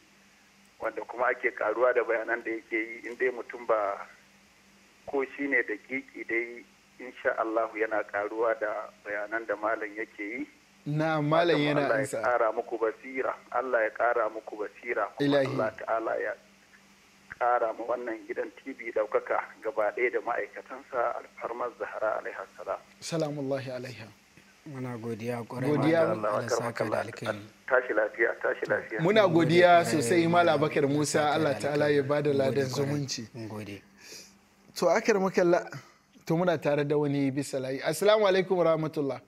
[SPEAKER 5] wanda kuma ake karuwa da bayanan da yake yi in dai mutum ba ko shi ne da kiki dai insha Allah yana karuwa da bayanan da malam yake yi
[SPEAKER 1] na malam yana ansa Allah ya
[SPEAKER 5] kara muku basira Allah ya kara muku basira Allah ta'ala ya kara mu wannan gidan TV daukaka gaba ɗaya da ma'aikatansa alfarmar Zahra alaiha salam
[SPEAKER 1] salamullahi alaiha muna godiya kwarai godiya Allah
[SPEAKER 5] saka da alkhairi tashi lafiya tashi lafiya muna godiya sosai malam
[SPEAKER 1] bakar Musa Allah ta'ala ya bada ladan zumunci gode to akar makalla to muna tare da wani bisalai assalamu alaikum warahmatullahi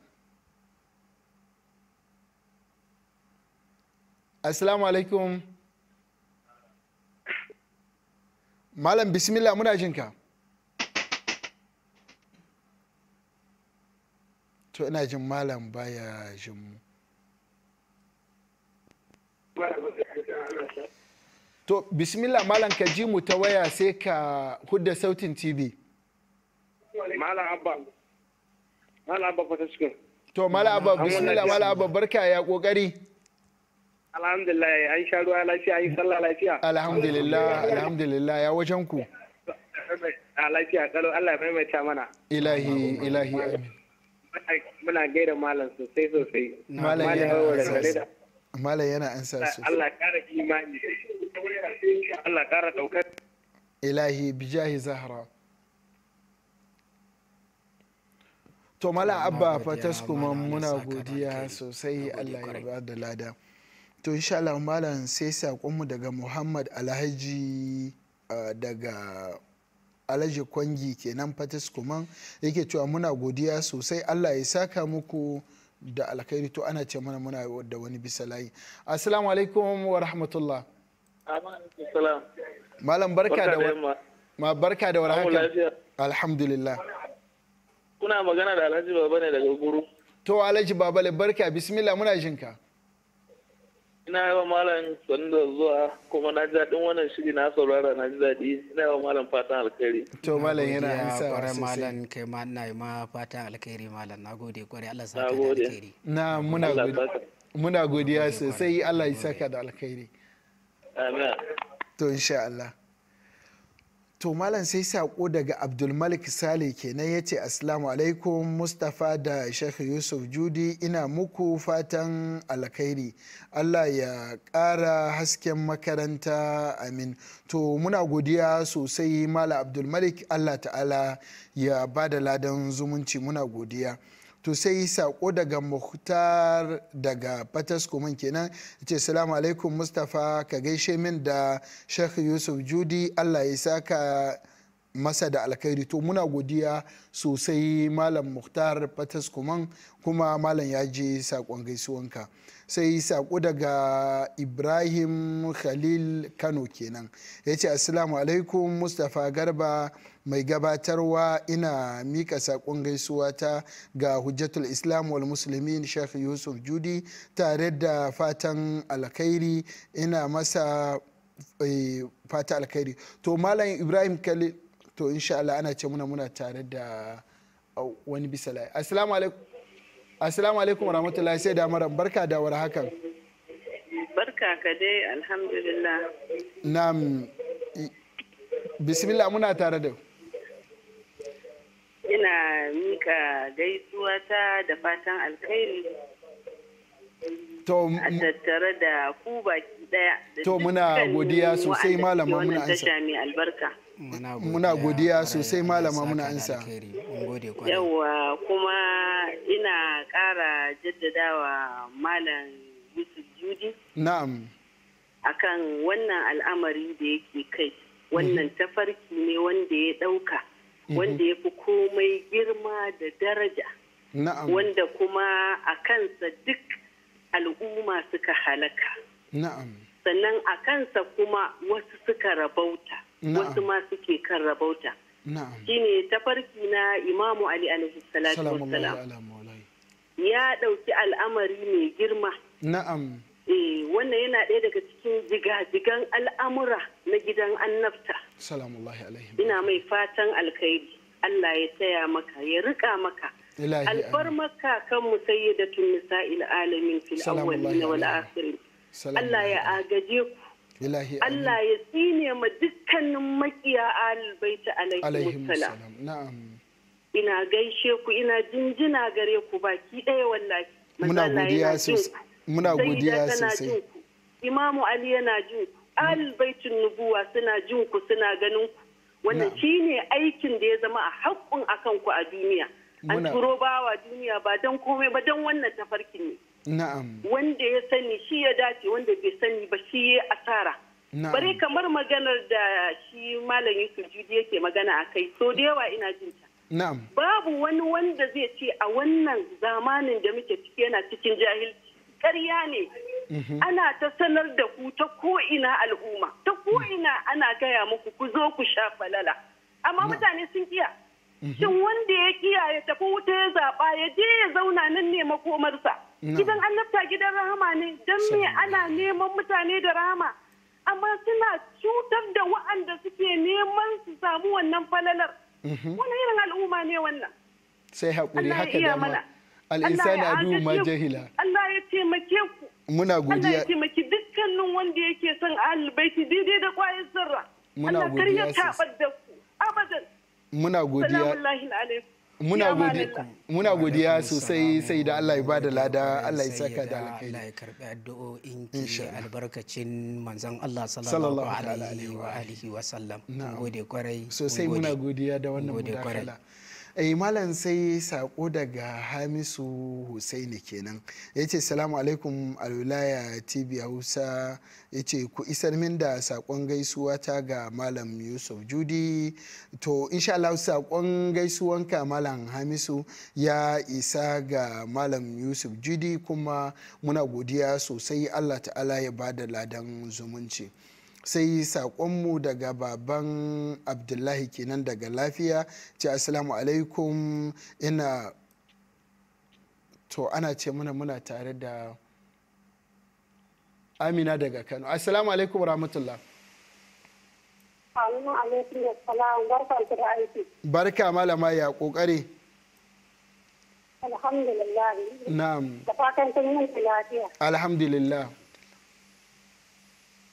[SPEAKER 1] assalamu alaikum malam bismillah muna jin ka. to ina jin malam baya jin mu to bismillah malam ka ji mu ta waya sai ka hudda sautin tv
[SPEAKER 5] malam abba malam abba fata cikin to malam abba bismillah malam abba
[SPEAKER 1] barka ya kokari
[SPEAKER 5] alhamdulillah an sha ruwa lafiya yi sallah lafiya
[SPEAKER 1] alhamdulillah alhamdulillah ya wajen ku
[SPEAKER 5] lafiya maimaita mana
[SPEAKER 1] ilahi ilahi amin
[SPEAKER 5] muna gaida malam sosai sosai malam yana
[SPEAKER 1] malam yana ansa sosai Allah
[SPEAKER 5] kara imani Allah kara daukar
[SPEAKER 1] ilahi bijahi zahra to mala abba fatas kuma muna godiya sosai Allah ya ba da lada to insha Allah malam sai saƙonmu daga Muhammad Alhaji uh, daga Alhaji Kwangi kenan Fatis Kuman yake cewa muna godiya sosai Allah ya saka muku da alkhairi to ana ce mana muna da wani bisa layi assalamu alaikum wa rahmatullah
[SPEAKER 5] malam barka da wa
[SPEAKER 1] ma barka da warhaka alhamdulillah
[SPEAKER 5] kuna magana da alhaji baba ne daga guru
[SPEAKER 1] to alhaji baba barka bismillah muna jinka
[SPEAKER 5] ina yawa malam wanda zuwa kuma na ji daɗin wannan shiri na saurara na ji daɗi ina yawa malam fatan alkhairi to malam yana
[SPEAKER 2] an sa kwarai malam kai ma ina yi ma fatan alkhairi malam na gode kwarai Allah sa ka da alkhairi na
[SPEAKER 1] muna muna godiya sosai Allah ya saka da alkhairi amin to insha Allah to malam sai sako daga abdulmalik sale kenan ya ce assalamu alaikum mustapha da sheikh yusuf judi ina muku fatan alkhairi allah ya ƙara hasken makaranta amin to muna godiya sosai malam abdulmalik allah ta'ala ya ba da ladan zumunci muna godiya to sai sako daga muhtar daga kuma kenan ce salamu alaikum mustapha ka gaishe min da sheikh yusuf judi allah ya saka masa da alkhairi to muna godiya sosai malam muhtar pataskuman kuma malam ya je sakon gaisuwanka sai saƙo daga ibrahim khalil kano kenan ya ce assalamu alaikum mustapha garba mai gabatarwa ina mika saƙon gaisuwa ta ga hujjatul islam wal musulmin sheikh yusuf judi tare da fatan alkhairi ina masa eh, fata alkhairi to malam ibrahim khalil to insha Allah ana ce muna muna tare da uh, wani bisa assalamu alaikum Assalamu alaikum warahmatullahi sai da maran barka da war hakan.
[SPEAKER 6] Barka ka dai alhamdulillah.
[SPEAKER 1] Na'am. Bismillah muna tare da.
[SPEAKER 6] Ina mika gaisuwa ta da fatan alkhairi. To tattare da ku baki daya. To muna godiya sosai malama muna ansa. albarka.
[SPEAKER 1] muna godiya sosai malama muna ansa
[SPEAKER 6] yawa kuma ina ƙara jaddadawa malam yusuf judi na'am akan wannan al'amari da yake kai wannan mhm. tafarki ne wanda ya ɗauka mhm. wanda ya fi komai girma da daraja wanda kuma a kansa duk al'umma suka halaka sannan a kansa kuma wasu suka rabauta wasu ma suke kan rabauta shine tafarki na imamu ali alaihi salatu ya ɗauki al'amari mai girma na'am eh wannan yana ɗaya daga cikin jigajigan al'amura na gidan annabta
[SPEAKER 1] salamullahi alaihi
[SPEAKER 6] ina mai fatan alkhairi Allah ya taya maka ya rika maka maka kan musayyadatun nisa'il alamin fil awwalin wal akhirin Allah ya agaje ku
[SPEAKER 1] Allah ya
[SPEAKER 6] tsine ma dukkanin makiya ahlul baiti alaihi na'am ina gaishe ku ina jinjina gare ku baki ɗaya wallahi
[SPEAKER 4] muna godiya sosai muna godiya sosai
[SPEAKER 6] imamu ali yana jin ku albaitin nubuwa suna jin ku suna ganin ku wannan shine aikin da ya zama a haƙƙun akan ku a duniya an turo bawa duniya ba don komai ba don wannan tafarkin ne wanda ya sani shi ya dace wanda bai sani ba shi ya asara bare kamar maganar da shi malam yusuf judi yake magana a kai so da yawa ina jin ta babu wani wanda zai ce a wannan zamanin da muke ciki yana cikin jahilci karya ne mhm. ana ta sanar da ku ta ko'ina al'umma ta ko'ina ana gaya muku ku zo ku sha falala amma mutane sun kiya Mhm. Shin wanda ya kiyaye tafi wuta ya zaɓa ya je ya zauna nan ne makomarsa. Gidan an nafta gidan rahama ne don me ana neman mutane da rahama. Amma suna cutar da wa'anda suke neman su samu wannan falalar. Mhm. Wani irin al'umma ne wannan.
[SPEAKER 1] Sai haƙuri haka dama. Al'insan adu ma jahila.
[SPEAKER 6] Allah ya taimake ku.
[SPEAKER 1] Muna godiya. Allah ya taimake
[SPEAKER 6] dukkanin wanda yake son ahlul baiti daidai da kwayar zarra.
[SPEAKER 1] Muna godiya sosai. Allah kar
[SPEAKER 6] ya da ku. Abadan.
[SPEAKER 1] muna godiya
[SPEAKER 6] muna godiya
[SPEAKER 1] muna godiya sosai sai da Allah ya ba da lada Allah ya saka da alkhairi Allah ya karbi addu'o'in
[SPEAKER 2] ki albarkacin manzon Allah sallallahu alaihi wa alihi wa sallam gode kwarai sosai muna
[SPEAKER 1] godiya da wannan mudakala eh malam sai sako daga hamisu husaini kenan ya ce salamu alaikum alulaya tv hausa ya ce ku isar min da sakon gaisuwa ta ga malam yusuf judi to insha Allah sakon gaisuwanka malam hamisu ya isa ga malam yusuf judi kuma muna godiya sosai allah ta'ala ya ba da ladan zumunci sai saƙonmu daga baban abdullahi kenan daga lafiya ce assalamu alaikum ina to ana ce muna muna tare da amina daga kano assalamu alaikum rahmatullah barka malama ya kokare
[SPEAKER 5] alhamdulillah na'am da
[SPEAKER 6] lafiya
[SPEAKER 1] alhamdulillah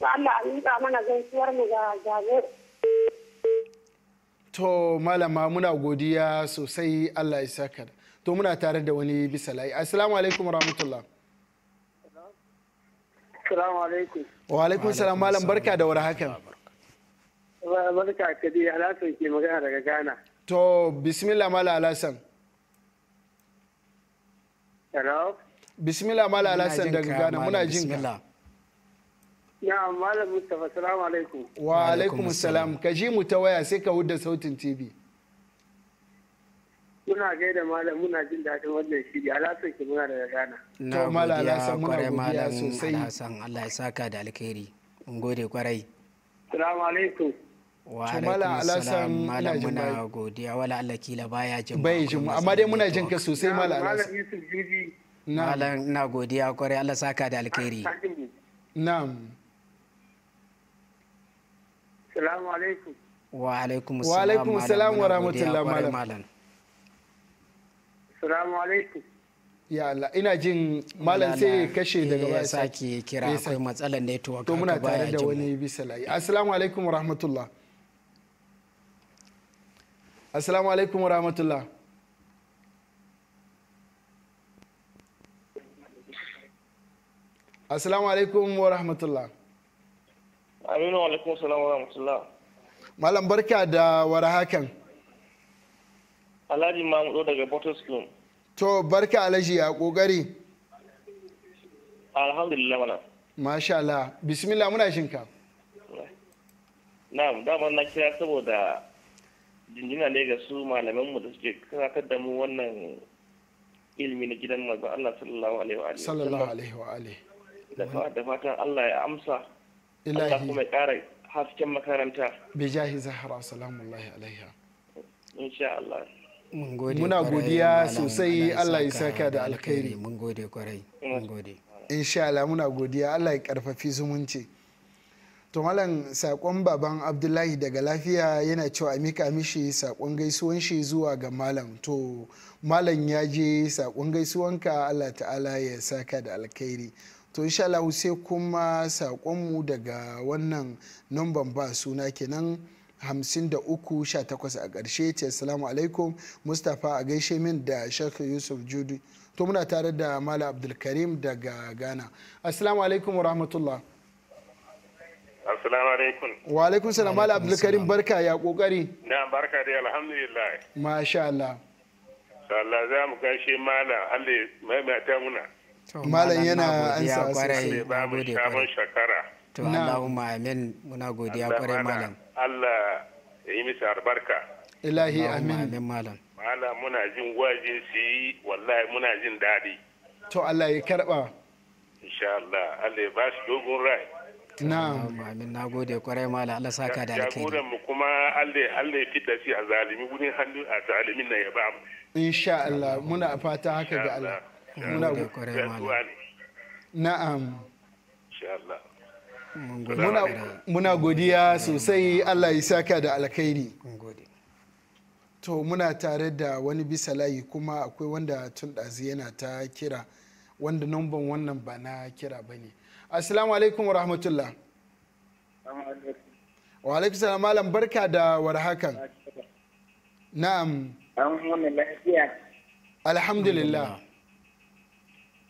[SPEAKER 6] mana
[SPEAKER 1] to malama muna godiya sosai Allah ya saka to muna tare da wani bisa layi assalamu alaikum rahmatullah.
[SPEAKER 5] assalamu alaikum
[SPEAKER 1] wa alaikum salam malam barka da warhaka
[SPEAKER 5] barka ka dai alasan ke magana daga ghana
[SPEAKER 1] to bismillah malam alhassan hello bismillah malam alhassan daga ghana muna jin ka
[SPEAKER 5] Na'am Malam Mustapha salamu alaikum.
[SPEAKER 1] Wa alaikum salam ka ji mu ta waya sai ka wuda sautin TV.
[SPEAKER 5] Muna gaida malam muna jin daɗin wannan shiri alasan ki muna da Ghana.
[SPEAKER 1] Na
[SPEAKER 2] mala Alhassan muna godiya sosai. Alhassan Allah ya saka da alkhairi. Mun gode kwarai.
[SPEAKER 5] Salamu alaikum. wa alaikum malam muna
[SPEAKER 2] godiya wala Allah kila baya jin bai jin amma dai muna jin ka sosai malam malam Yusuf Juji malam na godiya kwarai Allah saka da alkhairi na'am
[SPEAKER 5] Salamu alaikum.
[SPEAKER 1] Wa
[SPEAKER 2] alaikum salam. Wa alaikum salam wa rahmatullahi
[SPEAKER 5] malam.
[SPEAKER 1] Salamu alaikum. Ya Allah ina
[SPEAKER 2] jin malam sai kashe daga baya sake kira akwai matsalar network to muna tare da wani
[SPEAKER 1] bisa layi. Assalamu alaikum wa rahmatullah. Assalamu alaikum wa rahmatullah. Assalamu alaikum wa rahmatullah.
[SPEAKER 5] Aminu wa salamu wa rahmatullah.
[SPEAKER 1] Malam barka da wara hakan.
[SPEAKER 5] Alhaji Mahmudu daga school.
[SPEAKER 1] To barka Alhaji a kokari.
[SPEAKER 5] Alhamdulillah mana.
[SPEAKER 1] Masha Allah. Bismillah muna shinka.
[SPEAKER 5] Na'am, dama na kira saboda jinjina ne ga su malaman mu da suke karatar da mu wannan ilmi na gidan manzo Allah sallallahu alaihi wa alihi. Sallallahu alaihi wa alihi. Da fatan Allah ya amsa Allah kuma ƙara hasken makaranta
[SPEAKER 1] zahara alaiha
[SPEAKER 5] insha Allah
[SPEAKER 1] mun gode muna godiya sosai Allah ya saka da alkhairi mun
[SPEAKER 2] gode kwarai mun gode
[SPEAKER 1] insha Allah muna godiya Allah ya karfafi zumunci to malam sakon baban abdullahi daga lafiya yana cewa a mika mishi sakon gaisuwan shi zuwa ga malam to malam ya je sakon gaisuwanka Allah ta'ala ya saka da alkhairi to insha Allah sai kuma saƙonmu daga wannan numban ba suna kenan hamsin da uku sha takwas a ƙarshe ce salamu alaikum mustapha a gaishe min da shek yusuf judu to muna tare da mala abdulkarim daga ghana assalamu alaikum wa rahmatullah
[SPEAKER 5] assalamu alaikum
[SPEAKER 1] wa alaikum salam mala abdulkarim barka ya kokari
[SPEAKER 5] na barka da alhamdulillah
[SPEAKER 1] masha
[SPEAKER 2] Allah
[SPEAKER 5] Allah za mu gaishe mala mai mata muna
[SPEAKER 2] malam yana an sa kwarai na gode kwarai to Allahumma amin muna godiya kwarai malam
[SPEAKER 5] Allah ya yi misa albarka
[SPEAKER 2] ilahi amin amin
[SPEAKER 1] malam
[SPEAKER 5] malam muna jin wajin su yi wallahi muna jin daɗi
[SPEAKER 1] to Allah ya karba
[SPEAKER 5] insha Allah Allah ya ba su dogon rai
[SPEAKER 2] na'am amin na gode kwarai malam Allah saka da alkhairi jagoran
[SPEAKER 5] mu kuma Allah Allah ya shi a zalimi wurin hannu a zalimin nan ya ba mu
[SPEAKER 1] insha Allah muna fata haka ga Allah muna na'am muna godiya sosai Allah ya saka da alkhairi to muna tare da wani bisa layi kuma akwai wanda tun ɗazi yana ta kira wanda numban wannan ba na kira ba ne assalamu alaikum wa rahmatullah wa alaikum salam malam barka da warhakan na'am alhamdulillah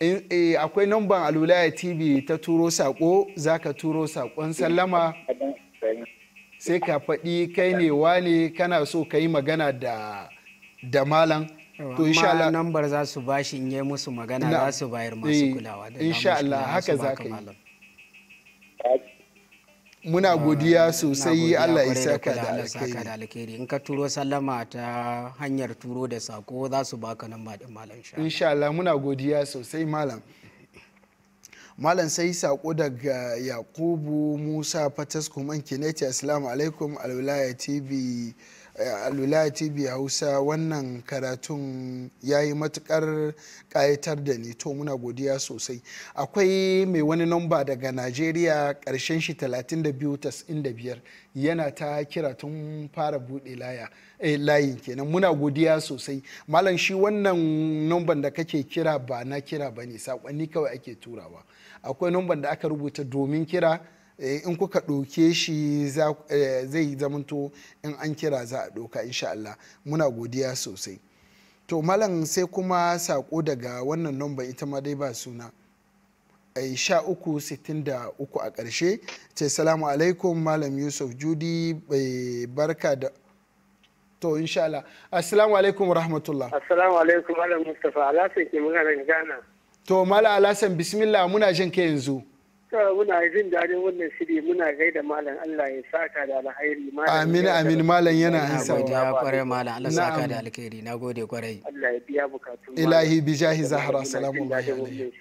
[SPEAKER 1] Eh, eh, akwai numban alulaya tv ta turo sako za ka turo sakon sallama sai ka faɗi kai ne wane kana so ka yi magana
[SPEAKER 2] da malam to insha Allah nambar za su bashi in yi musu magana za su bayar masu eh, kulawa da insha Allah haka za ka yi
[SPEAKER 1] muna godiya sosai allah ya saka da
[SPEAKER 2] alkhairi in ka turo sallama ta hanyar turo da sako za su baka nan ba din malam insha allah muna godiya sosai malam
[SPEAKER 1] malam sai sako daga yakubu musa patas kuma kineti assalamu alaikum alwilaya tv alwilaya tv hausa wannan karatun ya yi matukar kayatar da ni to muna godiya sosai akwai mai wani namba daga nigeria karshen shi 32.95 yana ta kira tun fara bude laya eh, layin kenan muna godiya sosai malam shi wannan numban da kake kira ba na kira ba ne saƙonni kawai ake turawa akwai numban da aka rubuta domin kira Eh, in kuka ɗauke shi eh, zai zamanto in an kira za a ɗauka insha Allah muna godiya sosai to malam sai kuma saƙo daga wannan nomba ita ma dai ba suna eh, sha uku sittin da uku a ƙarshe ce salamu alaikum malam yusuf judi barka da to insha Allah assalamu alaikum rahmatullah
[SPEAKER 5] assalamu alaikum malam mustapha alasan ke muna gana
[SPEAKER 1] to malam alasan bismillah muna jin ka yanzu
[SPEAKER 5] muna jin daɗin wannan shiri muna
[SPEAKER 2] gaida malam Allah ya saka da alkhairi amin amin malam yana an ansa godiya kwarai malam Allah saka da alkhairi nagode kwarai Allah ya biya bukatu ilahi bi jahi zahra salamu alaihi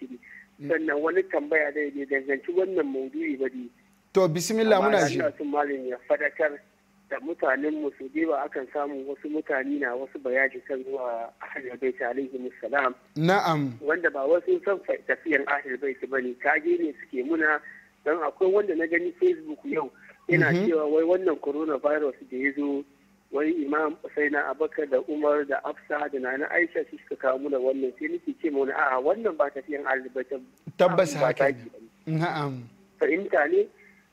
[SPEAKER 5] sannan wani tambaya da ya danganci wannan maudu'i bari
[SPEAKER 2] to
[SPEAKER 1] bismillah
[SPEAKER 5] muna ji malam ya fadakar da mutanen su ba akan samu wasu mutane na wasu bayani kan zuwa ahlul bait alaihi salam na'am wanda ba wasu san tafiyan ahlul bait bane kage ne suke muna dan akwai wanda na gani facebook yau yana mhm. cewa wai wannan coronavirus da ya zo wai imam na abakar da umar da afsa da nana aisha su suka kawo da wannan sai nake ce mana a'a wannan ba tafiyan ahlul bait
[SPEAKER 1] tabbas haka na'am
[SPEAKER 5] fahimta ne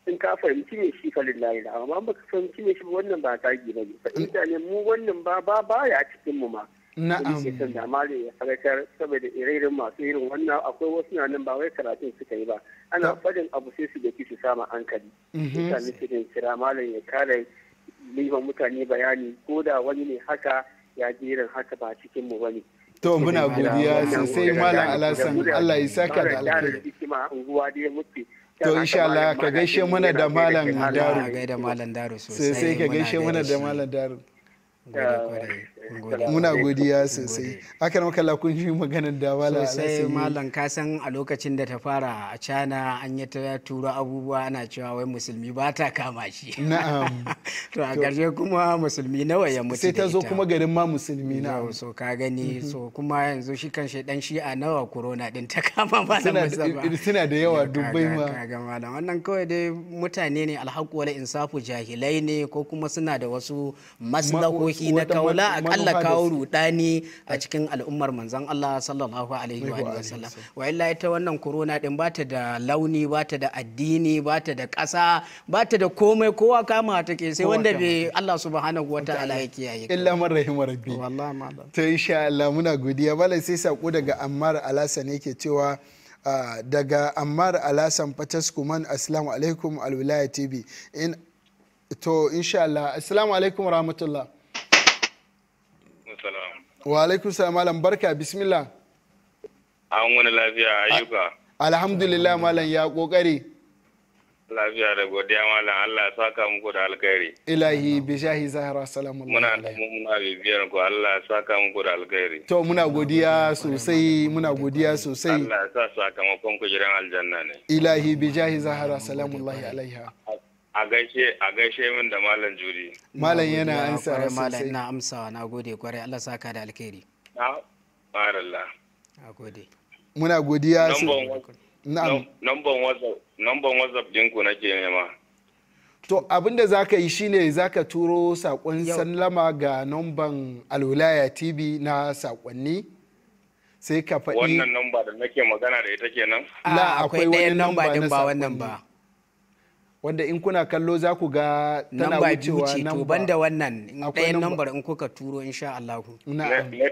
[SPEAKER 5] in ka fahimci ne shi fa lillahi da amma baka fahimci ne shi wannan ba zagi bane fa inda ne mu wannan ba ba ba ya cikin mu ma
[SPEAKER 4] na'am ke san da
[SPEAKER 5] mali ya farakar saboda irin masu irin wannan akwai wasu na nan ba wai karatun suka yi ba ana fadin abu sai su dake su sama hankali
[SPEAKER 4] mutane su
[SPEAKER 5] din kira malam ya kare liman mutane bayani ko da wani ne haka ya jerin haka ba cikin mu bane
[SPEAKER 1] To muna godiya sosai Malam Alasan
[SPEAKER 5] Allah ya saka da alkhairi. to insha Allah ka gaishe mana da
[SPEAKER 2] malam daru sai ka gaishe mana da malam
[SPEAKER 1] daru muna godiya sosai aka nan kalla kun shi maganar da wala sosai malam
[SPEAKER 2] ka san a lokacin da ta fara a cana an yi ta tura abubuwa ana cewa wai musulmi ba ta kama shi na'am to a garje kuma musulmi nawa ya mutu sai ta zo kuma garin ma musulmi na so ka gani mhm. so kuma yanzu shi kan shi dan shi'a nawa corona din ta kama malam suna da yawa dubbai ma ga malam wannan kawai dai mutane ne alhaqu wala insafu jahilai ne ko kuma suna da wasu
[SPEAKER 4] maslahohi na kaula
[SPEAKER 2] a Allah kawo rudani a cikin al'ummar manzan Allah sallallahu alaihi wa sallam wa illa ita wannan corona din bata da launi bata da addini bata da ƙasa bata da komai kowa kama ke sai wanda bai Allah subhanahu wa ta'ala ya kiyaye illa man rahimar rabbi wallahi
[SPEAKER 1] malam to insha Allah muna godiya malam sai sako daga Ammar Alasan yake cewa ah, daga Ammar Alasan Fataskuman assalamu alaikum alwilaya TV in to insha Allah assalamu alaikum rahmatullah salam. Wa alaikun salam malam barka bismillah.
[SPEAKER 5] An wani lafiya ayyuka.
[SPEAKER 1] Alhamdulillah malam ya kokari.
[SPEAKER 5] Lafiya da godiya malam Allah ya saka muku da alkhairi.
[SPEAKER 1] Ilahi bi zahara zahra salamu Muna
[SPEAKER 5] muna bibiyar ku Allah ya saka muku da alkhairi.
[SPEAKER 1] To muna godiya sosai muna godiya sosai.
[SPEAKER 5] Allah ya sa sakamakon ku gidan aljanna ne.
[SPEAKER 1] Ilahi bi zahara zahra salamu alaiha.
[SPEAKER 5] a gaishe a gaishe min da malam juri
[SPEAKER 1] malam yana amsa malam
[SPEAKER 2] na amsawa na gode kwarai Allah saka da alkhairi
[SPEAKER 5] na barallah na gode
[SPEAKER 2] muna godiya su na'am
[SPEAKER 5] namban whatsapp namban whatsapp dinku nake nema
[SPEAKER 1] to abinda za ka yi shine za ka turo sakon sallama ga namban alwilaya tv na sakonni sai ka faɗi wannan
[SPEAKER 5] namba da nake magana da ita kenan la akwai wani namba din ba wannan ba
[SPEAKER 1] wanda in kuna kallo za ku ga tana wucewa namba to banda wannan in ɗayan nambar in kuka turo in sha Allah ku da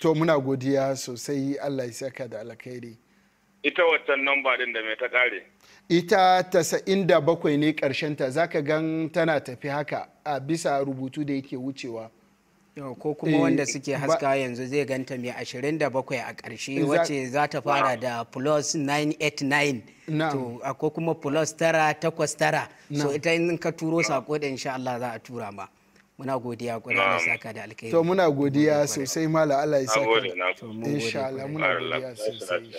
[SPEAKER 1] to muna godiya sosai Allah ya saka da alkhairi
[SPEAKER 5] ita wancan number din da me ta kare
[SPEAKER 1] ita tasa'in da bakwai ne ƙarshenta za ka gan tana tafi haka a bisa rubutu
[SPEAKER 2] da yake wucewa ko kuma eh, wanda suke haska yanzu zai ganta mai bakwai a ƙarshe wacce za ta fara da plus 989 ko kuma plus 989 so ita in ka turo sako da insha Allah za a tura ma muna godiya kwarai da saka da alkhairi to muna
[SPEAKER 1] godiya sosai mala Allah ya saka insha
[SPEAKER 2] Allah muna godiya sosai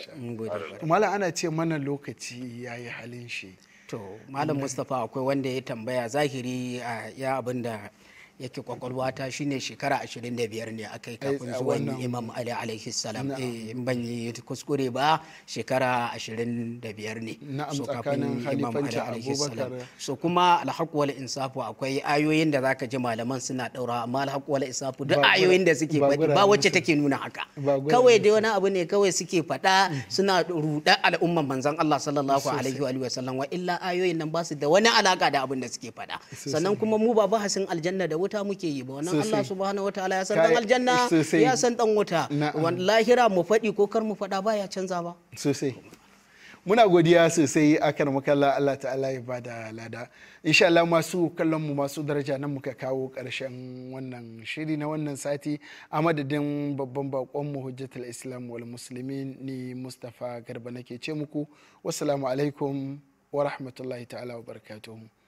[SPEAKER 2] mala ana ce mana lokaci yayi halin shi to malam Mustapha akwai wanda ya tambaya zahiri ya abinda yake kwakwalwa ta shine shekara 25 ne yi kafin zuwan imam ali alaihi salam eh, in ban yi kuskure ba shekara 25 ne so kafin imam ali alaihi salam so kuma alhaq wal insafu akwai ayoyin da zaka ji malaman suna daura amma alhaq wal insafu duk ayoyin da suke ba wacce take nuna haka kawai dai wani abu ne kawai suke faɗa mm. suna ruɗa al'umman manzon Allah sallallahu alaihi wa sallam wa illa ayoyin nan ba su da wani alaka da abin da suke faɗa sannan kuma mu ba hasin aljanna da wuta muke yi ba wannan Allah subhanahu wataala ya san dan aljanna ya san dan wuta lahira mu faɗi ko kar mu faɗa ba ya canza ba
[SPEAKER 1] sosai muna godiya sosai akan makalla Allah ta'ala ya bada lada insha Allah masu kallon mu masu daraja nan muka kawo karshen wannan shiri na wannan sati a madadin babban bakon mu hujjatul islam wal muslimin ni Mustafa Garba nake ce muku wassalamu alaikum wa rahmatullahi ta'ala wa barakatuhu